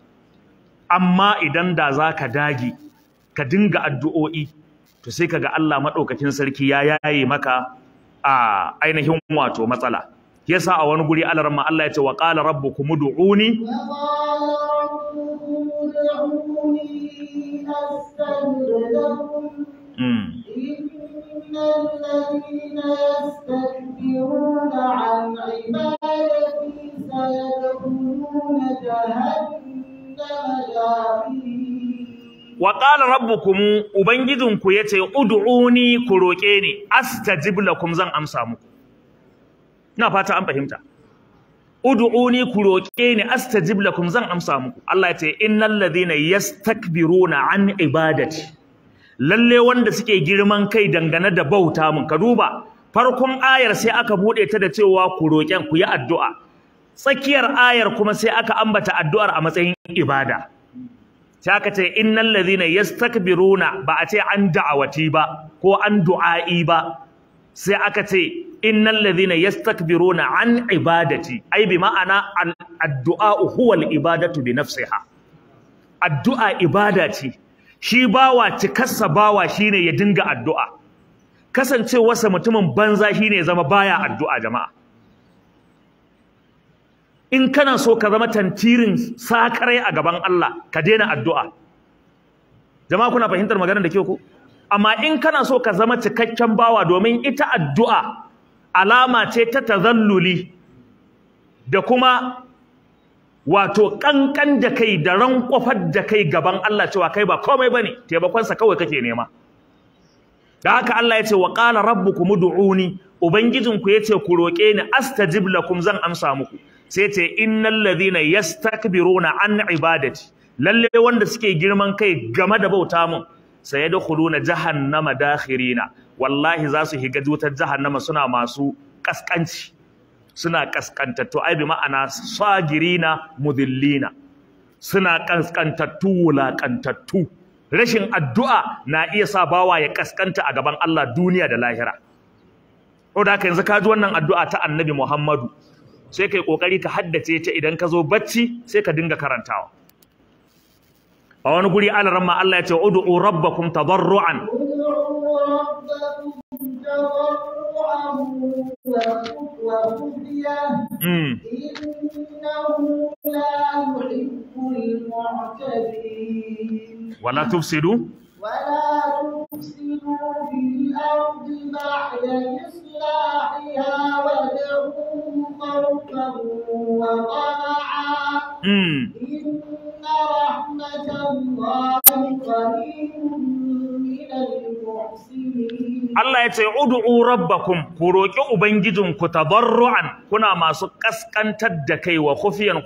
amma idan da za ka dage ka dinga addu'o'i to sai ka ga Allah maɗaukakin sarki ya yaye maka a ainihin wato matsala yasa a wani guri Allah ramma Allah ya ce wa qala rabbukum ud'uni hmm. wa qala rabbukum ubangijinku yace ud'uni ku roke ni astajib lakum zan amsa muku ina fata an fahimta ud'uni ku roƙe ni astajib lakum zan amsa muku Allah ya ce innal ladhina yastakbiruna an ibadati lalle wanda suke girman kai dangane da bauta mun ka duba farkon ayar sai aka bude ta da cewa ku roƙen ku yi addu'a tsakiyar ayar kuma sai aka ambata addu'ar a matsayin ibada sai aka ce innal ladhina yastakbiruna ba a ce an da'awati ba ko an du'a'i ba sai aka ce innal ladhina yastakbiruna an ibadati ai bi ma'ana addu'a huwa al ibadatu bi nafsiha addu'a ibada ce shi bawa cikarsa bawa shine ya dinga addu'a kasancewarsa mutumin banza shine ya zama baya addu'a jama'a in kana so ka zama tantirin sakarai a gaban Allah ka daina addu'a jama'a kuna fahimtar maganar da ke ku amma in kana so ka zama cikakken bawa domin ita addu'a alama ce ta tazalluli da kuma wato kankan da kai da rankofar da kai gaban Allah cewa kai ba komai bane taimakon sa kawai kake nema da haka Allah ya ce wa qala rabbukum ud'uni ubangijinku yace ku roke ni astajib lakum zan amsa muku sai ce innal ladhina yastakbiruna an ibadati lalle wanda suke girman kai game da bauta mun Saya sayadkhuluna jahannama dakhirina wallahi za su higa wutar jahannama suna masu kaskanci suna kaskantattu ai ma'ana sagirina mudillina suna kaskantattu wulakantattu rashin addu'a na iya sa bawa ya kaskanta a gaban Allah duniya da lahira ko da yanzu ka ji wannan addu'a ta Annabi Muhammadu sai kai ƙoƙari ka haddace ta idan ka zo bacci sai ka dinga karantawa a wani guri alaran ma Allah ya ce ud'u rabbakum tadarruan hmm. wala tufsidu ولا تفسدوا في الأرض بعد إصلاحها ودعوه خوفا وطمعا hmm. إن رحمة الله قريب Allah ya ce ud'u rabbakum ku roki ubangijinku tabarru'an kuna masu ƙasƙantar da kai wa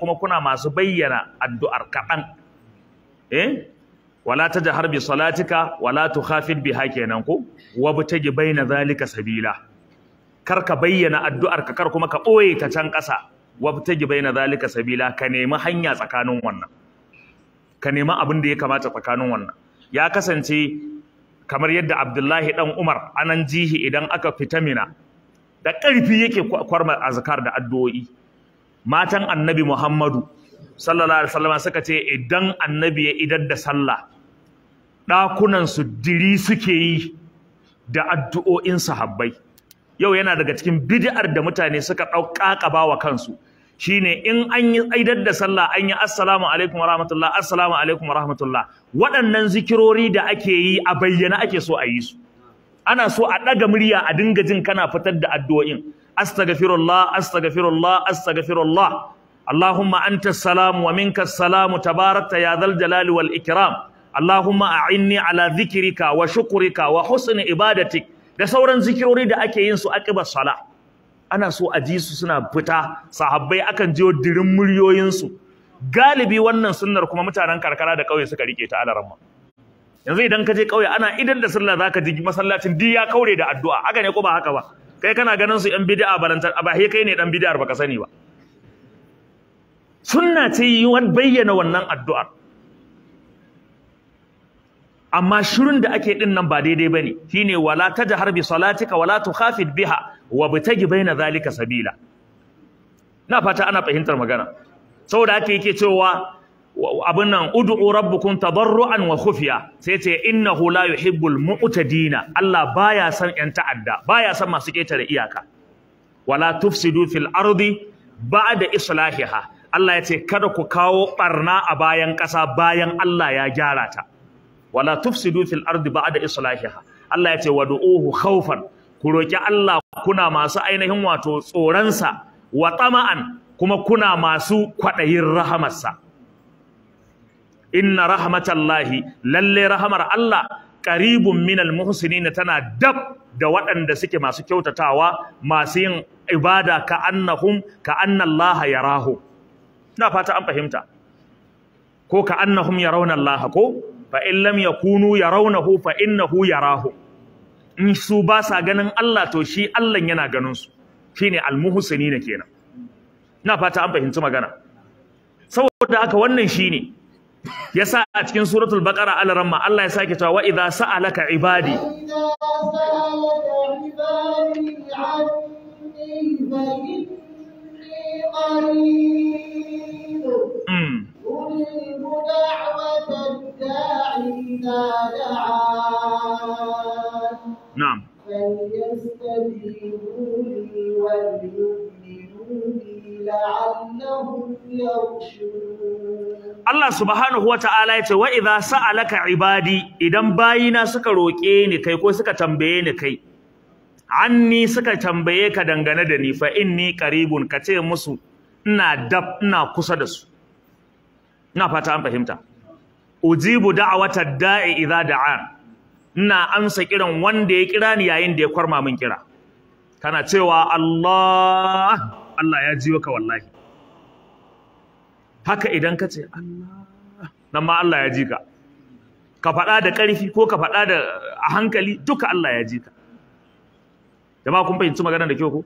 kuma kuna masu bayyana addu'ar kaɗan eh wala ta bi salatika wala khafid biha kenan ko wabtagi baina zalika sabila kar ka bayyana addu'ar ka kar kuma ka boye ta can ƙasa wabtagi baina zalika sabila ka nemi hanya tsakanin wannan ka nemi abin da ya kamata tsakanin wannan ya kasance kamar yadda Abdullahi dan Umar anan jihi idan aka fita mina da ƙarfi yake kwarma azkar da addu'o'i matan annabi Muhammadu sallallahu alaihi wasallam suka ce idan annabi ya idar da sallah ɗakunansu diri suke yi da addu'o'in sahabbai yau yana daga cikin bid'ar da mutane suka ƙaba wa kansu Shi ne in an yi aidar da sallah an yi assalamu alaikum wa rahmatullah assalamu alaikum wa rahmatullah waɗannan zikirori da ake yi a bayyana ake so a yi su ana so a ɗaga murya a dinga jin kana fitar da addu'o'in astaghfirullah astaghfirullah allahumma anta salamu wa minka salamu tabarakta ya zal jalali wal ikram Allahumma a'inni ala dhikrika wa shukrika wa husni ibadatik da sauran zikirori da ake yin su aqibar salah ana so a ji su suna fita sahabbai akan jiyo dirin muryoyin su galibi wannan sunnar kuma mutanen karkara da kauye suka rike ta alaramma yanzu idan ka je kauye ana idan da sallah zaka ji masallacin di ya kaure da addu'a haka ne ko ba haka ba kai kana ganin su yan bid'a balantar ba he kai ne dan bid'ar baka sani ba sunna ce yi bayyana wannan addu'ar amma shirin da ake din nan ba daidai bane shine wala tajhar bi salatika wala tukhafid biha wa bitagi baina zalika sabila na fata ana fahimtar magana saboda ake yake cewa abin nan ud'u rabbukum tadarruan wa khufiya sai ce innahu la yuhibbul mu'tadina Allah baya san yan ta'adda baya san masu ketare iyaka wala tufsidu fil ardi ba'da islahiha Allah ya ce kada ku kawo barna a bayan ƙasa bayan Allah ya gyara ta wala tufsidu fil ardi ba'da islahiha Allah ya ce wad'uhu khawfan ku roki Allah kuna masu ainihin wato tsoronsa wa tama'an kuma kuna masu kwadayin rahamarsa inna rahmatallahi lalle rahamar Allah qaribun minal muhsinin tana dab da waɗanda suke masu kyautatawa masu yin ibada ka annahum ka annallaha yarahu Ina fata an fahimta ko ka annahum yarawna Allah ko fa ya lam yakunu yarawnahu fa ya rahu. in su ba sa ganin Allah to shi Allah yana ganin su shine na kenan Na fata an fahimci magana saboda haka wannan shine yasa a cikin suratul baqara al mu Allah ya sake cewa wa idza sa'alaka ibadi Mm. أجيب دعوة الداع دعان نعم Allah subhanahu wa ta'ala yace, wa idza sa'alaka ibadi idan bayina suka roke ni kai ko suka tambaye ni kai anni suka tambaye ka dangane da ni fa inni qaribun ka ce musu ina dab ina kusa da su ina fata an fahimta ujibu da'wata da'i idza da'an ina amsa kiran wanda ya kira ni yayin da ya kwarma min kira kana cewa Allah Allah ya ji ka wallahi haka idan ka ce Allah nan ma Allah ya ji ka ka faɗa da ƙarfi ko ka faɗa da a hankali duka Allah ya ji ka jama'a kun fahimci magana da kyau ko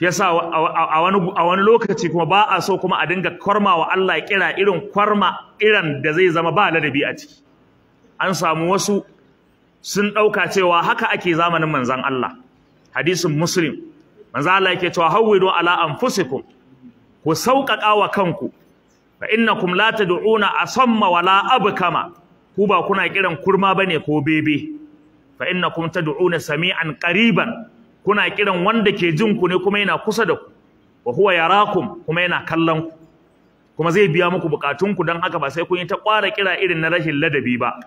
yasa a wani lokaci kuma ba a so kuma a dinga kwarmawa Allah kira irin kwarma irin da zai zama ba ladabi a ciki an samu wasu sun ɗauka cewa haka ake zamanin manzon Allah hadisin muslim manzo Allah yake cewa hawwidu ala anfusikum ku sauƙaƙa wa kanku fa innakum la tad'una asamma wala abkama ku ba kuna kiran kurma ba ne ko bebe fa innakum tad'una sami'an qariban kuna kiran wanda ke jin ku ne kuma yana kusa da ku wa huwa yarakum kuma yana kallon ku kuma zai biya muku bukatun ku dan haka ba sai kun yi ta kwara kira irin na rashin ladabi ba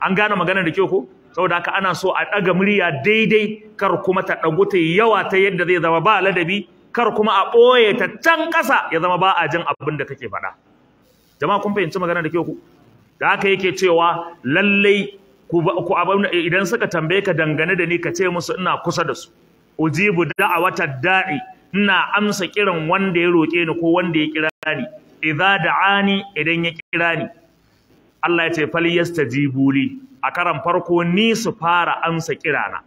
an gane magana da kyau ko saboda haka ana so a daga murya daidai kar kuma ta dago ta yawa ta yadda zai zama ba ladabi kar kuma a boye ta can kasa ya zama ba a jin abin da kake faɗa jama'a kun fahimci magana da kyau ku. da haka yake cewa lallai ku idan suka tambaye ka dangane da ni ka ce musu ina kusa da su ujibu da'awata da'i ina amsa kiran wanda ya roke ni ko wanda ya kira ni idza da'ani idan ya kira ni Allah ya ce fal yastajibu li a karan farko ni su fara amsa kirana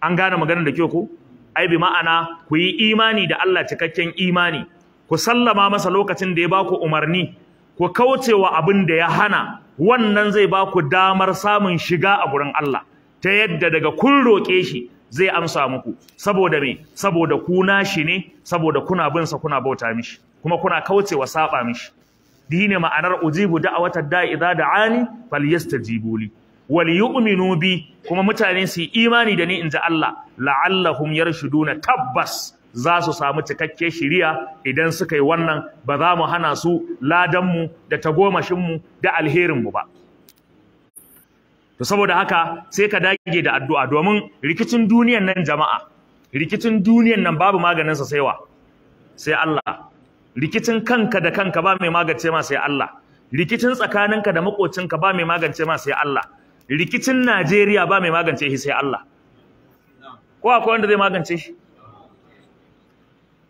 an gane maganar da kyau ko ai bi ma'ana ku yi imani da Allah cikakken imani ku sallama masa lokacin da ya baku umarni ku kaucewa abin da ya hana wannan zai baku damar samun shiga a gurin Allah ta yadda daga kun roƙe shi zai amsa muku saboda me saboda ku nashi ne saboda kuna bin sa kuna bauta mishi kuma kuna kaucewa saba mishi dine ma'anar ujibu da'awata da idza da'ani falyastajibu li wal yu'minu bi kuma mutane su imani da ni in ji Allah la'allahum yarshuduna tabbas za su samu cikakke shiriya idan suka yi wannan ba za mu hana su ladanmu da tagomashinmu da alherinmu ba to saboda haka sai ka dage da addu'a domin rikicin duniyan nan jama'a rikicin duniyan nan babu maganin sa sai wa sai Allah rikicin kanka da kanka ba mai magance ma sai Allah rikicin tsakaninka da makocinka ba mai magance ma sai Allah rikicin Najeriya ba mai magance shi sai Allah ko akwai wanda zai magance shi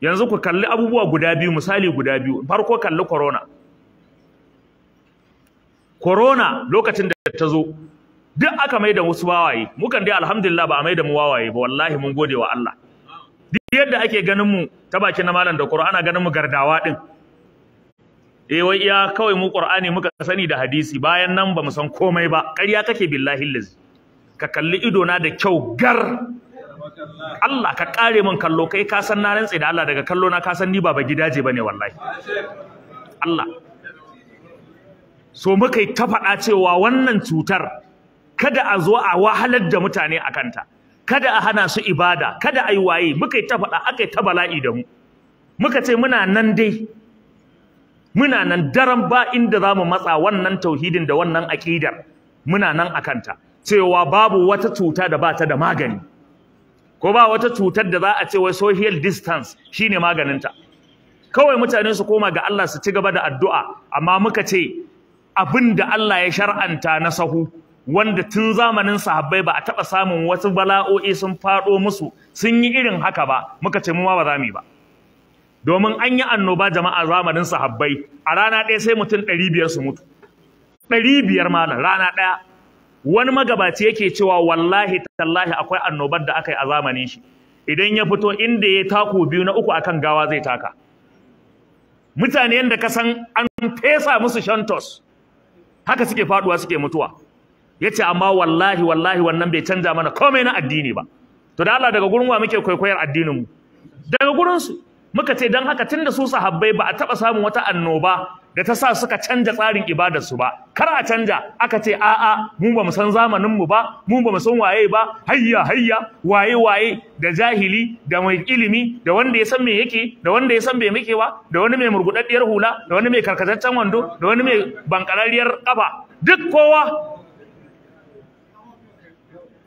yanzu ku kalli abubuwa guda biyu misali guda biyu farko kalli corona corona lokacin da ta zo duk aka mai da wasu wawaye mukan dai alhamdulillah ba a mai da mu wawaye ba wallahi mun gode wa Allah duk yadda ake ganin mu ta baki na malam da Qur'ana ganin mu gardawa din eh wai iya kawai mu Qur'ani muka sani da hadisi bayan nan ba mu san komai ba ƙarya kake billahi lazi ka kalli ido na da kyau gar Allah ka kare min kallo kai ka san na rantsi da Allah daga kallo na ka san ni ba gidaje bane wallahi Allah so muka yi ta faɗa cewa wannan cutar kada a zo a wahalar da mutane a kanta kada a hana su ibada kada a yi waye muka yi ta faɗa aka yi ta bala'i da mu muka ce muna nan dai muna nan daren ba inda za mu matsa wannan tauhidin da wannan aƙidar muna nan a kanta cewa babu wata cuta da ba ta da magani ko ba wata cutar da za a ce wai social distance shine maganinta kawai mutane su koma ga Allah su ci gaba da addu'a amma muka ce abin da Allah ya shar'anta na sahu wanda tun zamanin sahabbai ba a taɓa samun wasu bala'o'i sun faɗo musu sun yi irin haka ba muka ce mu ma ba za mu yi ba domin an yi annoba jama'a zamanin sahabbai a rana ɗaya sai mutum ɗari biyar su mutu ɗari biyar malam rana ɗaya wani magabaci yake cewa wallahi tallahi akwai annobar da aka yi a zamanin shi idan ya fito inda ya taku biyu na uku akan gawa zai taka mutane yadda ka san an fesa musu shantos haka suke faduwa suke mutuwa Ya ce amma wallahi wallahi wannan bai canza mana komai na addini ba to da Allah daga gurin wa muke kwaikwayar addinin mu daga gurin muka ce dan haka tun da su sahabbai ba a taba samun wata annoba da ta sa suka canja tsarin ibadar su ba kar a canja aka ce a'a mu ba mu san zamanin mu ba mu ba mu san waye ba hayya hayya waye waye da jahili da mai ilimi da wanda ya san me yake da wanda ya san bai ba, da wani mai murgudaddiyar hula da wani mai karkataccen wando da wani mai bankarariyar kafa duk kowa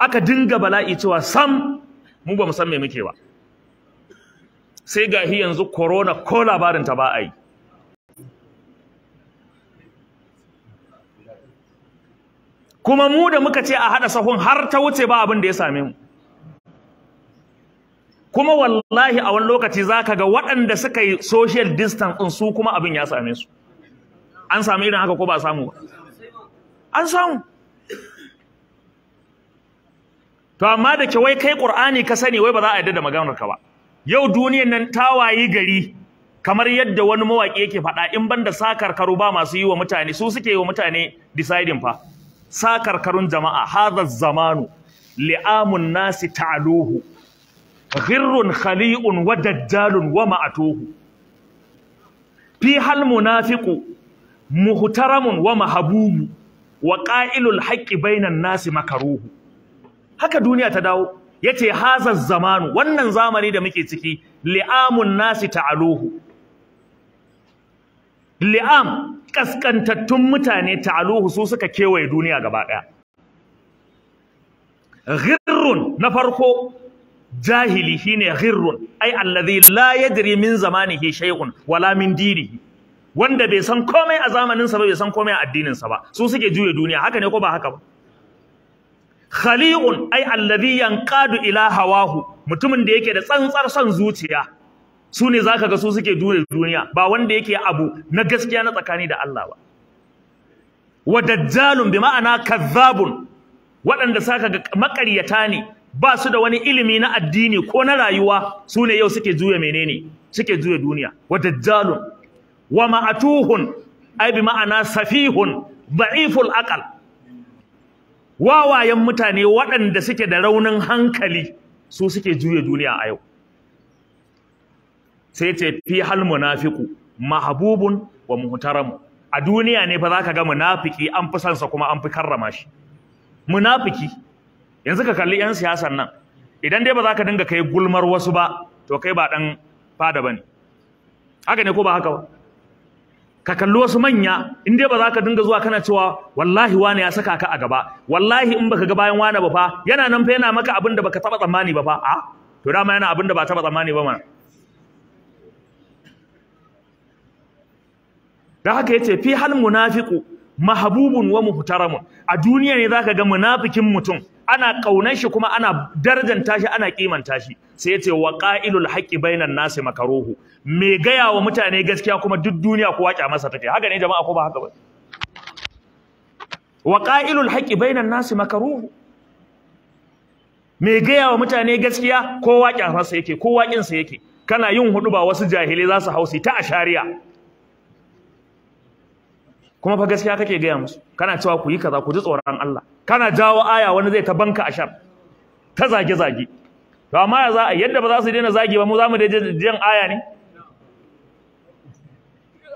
aka dinga bala'i cewa sam mu ba mu san me muke ba sai gahi yanzu corona ko labarin ta ba ai kuma mu da muka ce a hada sahun har ta wuce ba abin da ya same mu kuma wallahi a wani lokaci zaka ga waɗanda suka yi social distance ɗin su kuma abin ya same su an samu irin haka ko ba samu ba an samu to amma da ke wai kai Qur'ani ka sani wai ba za a yarda da maganar ka ba yau duniyar nan ta wayi gari kamar yadda wani mawaki yake faɗa in banda sakar sakarkaru ba masu yi wa mutane su suke yi wa mutane deciding fa sakarkarun jama'a hadha zamanu li'amun nasi ta'aluhu ghirrun khali'un wa dajjalun wa ma'atuhu fi hal munafiqu muhtaramun wa mahabubu wa qa'ilul haqqi bainan nasi makaruhu haka duniya ta dawo yace hazaz zamanu wannan zamani da muke ciki li'amun nasi ta'aluhu li'am kaskantattun mutane ta'aluhu su suka kewaye duniya gaba daya ghirrun na farko jahili shine ghirrun ai allazi la yadri min zamanihi shay'un wala min dinihi wanda bai san komai a zamanin sa ba bai san komai a addinin ba su suke juye duniya haka ne ko ba haka ba khali'un ai allazi yanqadu ila hawahu mutumin da yake da tsantsar son zuciya su ne zaka ga su suke dure duniya ba wanda yake abu na gaskiya na tsakani da Allah ba wa dajjalun bi ma'ana kazzabun waɗanda saka ga maƙaryata ne ba su da wani ilimi na addini ko na rayuwa su ne yau suke juya menene suke juya duniya wa dajjalun wa ma'atuhun ai bi ma'ana safihun da'iful aqal wawayen mutane waɗanda suke da raunin hankali su suke juya duniya a yau sai ce fi hal munafiku. Mahabubun wa muhtaramu a duniya ne fa ka ga munafiki an fi sansa kuma an fi karrama shi munafiki yanzu ka kalli yan siyasan nan idan dai ba za ka dinga kai gulmar wasu ba to kai ba ɗan fada ba ne. haka ne ko ba haka ba ka kalli wasu manya in dai ba za ka dinga zuwa kana cewa wallahi wane ya saka ka a gaba wallahi in baka ga bayan wane ba fa yana nan fa yana maka abin da baka taba tsammani ba fa a to dama yana abin da ba taba tsammani ba mana da haka yace fi hal munafiqu mahbubun wa muhtaramun a duniya ne zaka ga munafikin mutum ana kaunar shi kuma ana darjanta shi ana kimanta shi sai yace waqailul haqqi bainan nasi makaruhu mai gaya wa mutane gaskiya kuma duk duniya ko kowa masa take haka ne jama'a ko ba haka ba wa qa'ilul haqqi bainan nasi makruh mai gaya wa mutane gaskiya ko kowa masa yake waƙin sa yake kana yin hudu ba wasu jahilai za su hausi ta ashariya kuma fa gaskiya kake gaya musu kana cewa ku yi kaza ku ji tsoron Allah kana jawo aya wani zai ta banka ashar ta zage zage to amma ya za yadda ba za su daina zage ba mu za mu da jin aya ne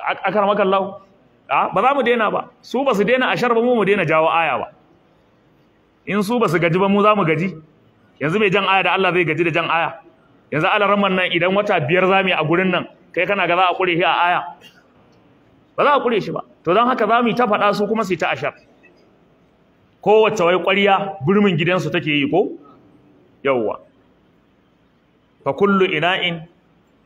akaramakallahu a ba za mu daina ba su ba su daina ashar ba mu mu daina jawo aya ba in su ba su gaji ba mu za mu gaji yanzu bai jan aya da Allah zai gaji da jan aya yanzu ramman nan idan wata biyar za mu yi a gurin nan kai kana ga za a kure shi a aya ba za a kure shi ba to don haka za mu yi ta faɗa su kuma su yi ta ashar kowace wai ƙwarya birnin gidansu take yi ko yawwa fa kullu ina'in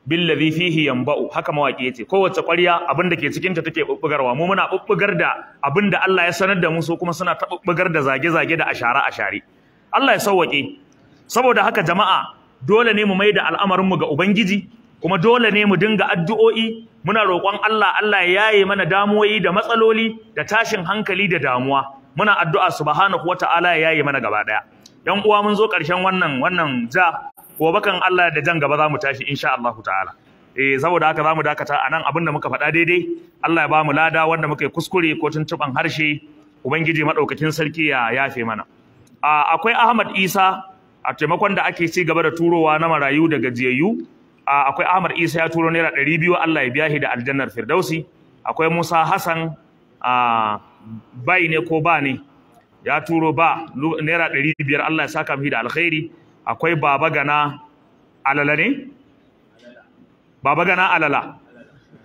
billazi fihi yanba'u haka mawaki yace kowace ƙwarya abin da ke cikin ta take bubbugarwa mu muna bubbugar da abin da Allah ya sanar da mu so kuma suna ta bubbugar da zage-zage da ashara ashari Allah ya sauwake saboda haka jama'a dole ne mu maida al'amarin mu ga ubangiji kuma dole ne mu dinga addu'o'i muna roƙon Allah Allah ya yaye mana damuwoyi da matsaloli da tashin hankali da damuwa muna addu'a subhanahu wata'ala ya yaye mana gaba daya yan uwa mun zo ƙarshen wannan wannan ja gobe kan Allah da jan gaba za mu tashi insha Allah ta'ala eh saboda haka za mu dakata anan abin da muka faɗa daidai Allah ya ba mu lada wanda muka yi kuskure ko tuntuban harshe ubangiji madaukakin sarki ya yafe mana akwai Ahmad Isa a taimakon da ake ci gaba da turowa na marayu da gajiyayyu akwai Ahmad Isa ya turo naira ɗari biyu Allah ya biya shi da aljannar Firdausi akwai Musa Hassan bai ne ko ba ne ya turo ba naira ɗari biyar Allah ya saka mu da alkhairi akwai baba gana alala ne baba gana alala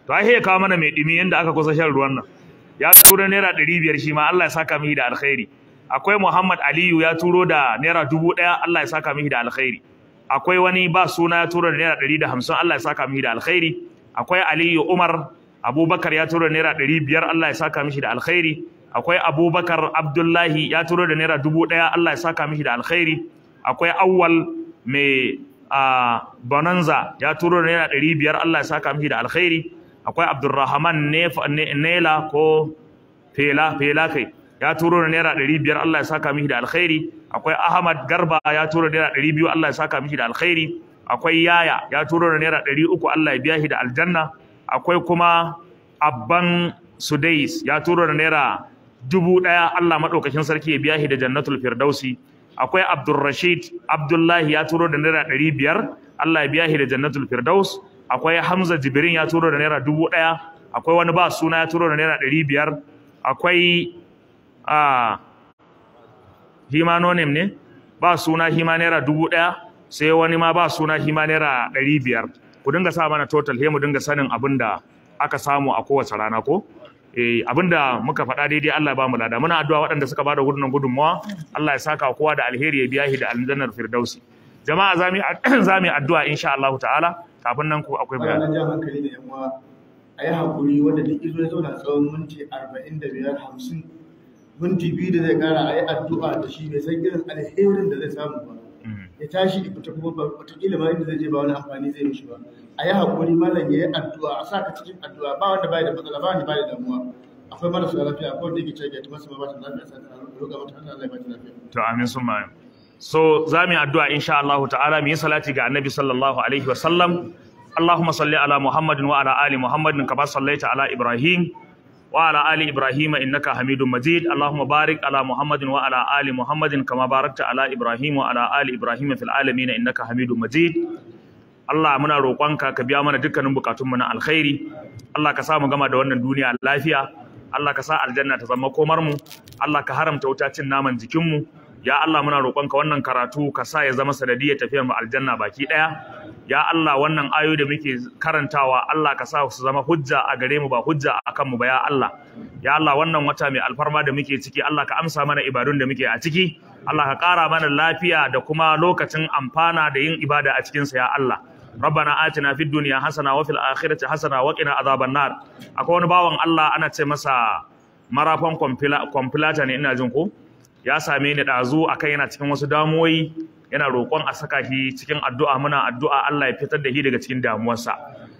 to ai ya kawo mana mai dumi yanda aka kusa shan ruwan nan ya turo naira ɗari biyar shi ma Allah ya saka mihi da alkhairi akwai Muhammad Aliyu ya turo da naira dubu ɗaya Allah ya saka mihi da alkhairi akwai wani ba suna ya turo da naira ɗari da hamsin Allah ya saka mihi da alkhairi akwai Aliyu Umar Abubakar ya turo da naira ɗari biyar Allah ya saka mishi da alkhairi akwai Abubakar Abdullahi ya turo da naira dubu ɗaya Allah ya saka mishi da alkhairi akwai awwal mai bonanza ya turo da naira ɗari biyar Allah ya saka mishi da alkhairi akwai abdurrahman nela ko fela fela kai ya turo da naira ɗari biyar Allah ya saka mishi da alkhairi akwai ahmad garba ya turo da naira ɗari biyu Allah ya saka mishi da alkhairi akwai yaya ya turo da naira ɗari uku Allah ya biya shi da aljanna akwai kuma abban sudais ya turo da naira dubu ɗaya Allah maɗaukakin sarki ya biya shi da jannatul firdausi akwai Abdulrashid Abdullahi ya turo da naira ɗari biyar Allah ya biya shi da Jannatul Firdaus akwai Hamza Jibrin ya turo da naira dubu ɗaya akwai wani ba suna ya turo da naira ɗari biyar akwai a hima ne ba suna hima naira dubu ɗaya sai wani ma ba suna hima naira ɗari biyar ku dinga sa mana total he mu dinga sanin abin da aka samu a kowace rana ko abin eh, abinda muka faɗa daidai Allah ba mu lada muna addu'a waɗanda suka bada gudunan gudunmuwa Allah ya saka kowa da alheri ya biya shi da aljannar firdausi jama'a zami zami addu'a insha Allah ta'ala kafin nan ku akwai bayani jan hankali da yan uwa ayi hakuri wanda duk izo ya zauna tsawon minti 45 50 minti biyu da zai kara ayi addu'a da shi bai san irin alherin da zai samu ba Mm. ya tashi fita kuma wataƙila ma inda zai je ba wani amfani zai mishi ba a yi haƙuri malam ya yi addu'a a sa ka cikin addu'a ba wanda bai da matsala ba wanda bai da damuwa akwai marasa lafiya akwai da yake ga ta masa ba ta lafiya sai ta roƙa mata Allah ya ba ta lafiya to amin sun ma'am so za mu yi addu'a insha Allah ta'ala mu yi salati ga annabi sallallahu alaihi wa sallam اللهم صل على محمد وعلى ال محمد كما صليت على ابراهيم وعلى آل إبراهيم إنك حميد مجيد اللهم بارك على محمد وعلى آل محمد كما باركت على إبراهيم وعلى آل إبراهيم في العالمين إنك حميد مجيد Allah muna roƙonka ka biya mana dukkanin bukatunmu na alkhairi Allah ka gama da wannan duniya lafiya Allah ka sa aljanna ta zama komar mu Allah ka haramta wuta cin naman jikinmu ya Allah muna roƙonka wannan karatu ka sa ya zama sanadiyar tafiyar mu aljanna baki ɗaya ya Allah wannan ayo da muke karantawa Allah ka sa su zama hujja a gare mu ba hujja a kan mu ba ya Allah ya Allah wannan wata mai alfarma da muke ciki Allah ka amsa mana ibadun da muke a ciki Allah ka ƙara mana lafiya da kuma lokacin amfana da yin ibada a cikinsa ya Allah ربنا آتنا في الدنيا حسنة وفي الآخرة حسنة وقنا عذاب النار أكون باوان الله أنا تمسا marafan kwamfilata ne ina jin ku ya same ni ɗazu a kai yana cikin wasu damuwoyi yana roƙon a saka shi cikin addu'a muna addu'a Allah ya fitar da shi daga cikin damuwarsa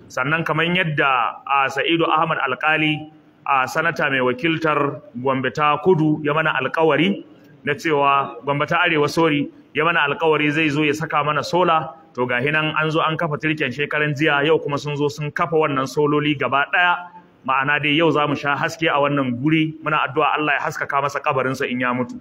sannan kamar yadda a Sa'idu Ahmad Alkali, a sanata mai wakiltar Gombe ta Kudu ya mana alƙawari na cewa Gombe ta Arewa sori ya mana alƙawari zai zo ya saka mana sola to ga hinan an zo an kafa tirken shekaran jiya yau kuma sun zo sun kafa wannan sololi gaba ɗaya ma'ana dai yau za mu sha haske a wannan guri muna addu'a Allah ya haskaka masa kabarinsa in ya mutu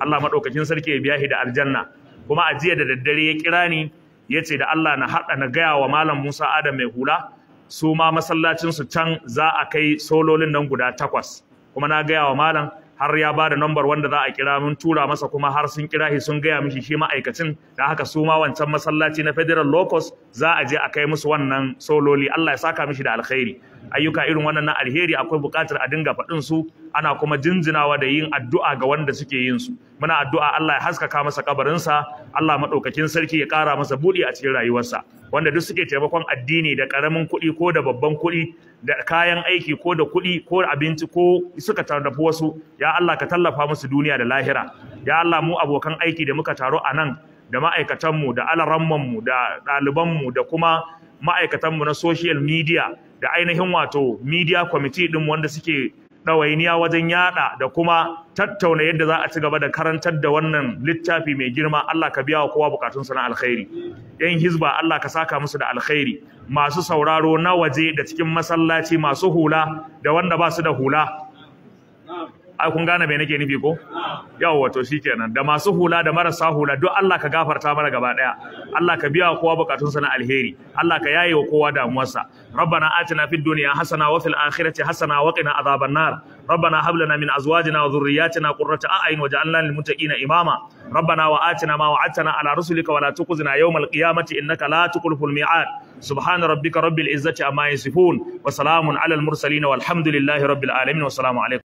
Allah madaukakin sarki ya biya shi da aljanna kuma a jiya da daddare ya kira ni ya ce da Allah na hada na gaya wa malam Musa Adam mai hula su ma masallacin su can za a kai sololin nan guda takwas kuma na gaya wa malam har ya ba da number wanda za a kira mun tura masa kuma har sun kira shi sun gaya mishi shi ma'aikacin da haka su ma wancan masallaci na Federal Locus za a je a kai musu wannan sololi Allah ya saka mishi da alkhairi ayyuka irin wannan na alheri akwai buƙatar a dinga faɗin su ana kuma jinjinawa da yin addu'a ga wanda suke yin su muna addu'a Allah ya haskaka masa kabarinsa Allah madaukakin sarki ya ƙara masa buɗi a cikin rayuwarsa wanda duk suke taimakon addini da ƙaramin kuɗi ko da babban kuɗi da kayan aiki ko da kuɗi ko abinci ko suka tarrafi wasu ya Allah ka tallafa musu duniya da lahira ya Allah mu abokan aiki da muka taro a nan da ma'aikatanmu da alarammanmu da ɗalibanmu da kuma ma'aikatanmu na social media da ainihin wato media committee din wanda suke ɗawainiya wajen yada da kuma tattauna yadda za a ci gaba da karantar da wannan littafi mai girma Allah ka biya wa kowa bukatunsa na alkhairi yan hizba Allah ka saka musu da alkhairi masu sauraro na waje da cikin masallaci masu hula da wanda ba su da hula A kun gane me ke nufi ko yawa wato shikenan da masu hula da marasa hula duk Allah ka gafarta mana gaba daya Allah ka biya kowa bukatun sa na alheri Allah ka yayi wa kowa damuwar sa rabbana atina fid dunya hasana wa fil akhirati hasana wa qina azaban nar rabbana hab lana min azwajina wa dhurriyyatina qurrata waje waj'al lana lil muttaqina imama rabbana wa atina ma wa'adtana ala rusulika wa la tuqzina yawmal qiyamati innaka la tuqulul mi'ad سبحان ربك رب العزة عما يصفون وسلام على المرسلين والحمد لله رب العالمين والسلام عليكم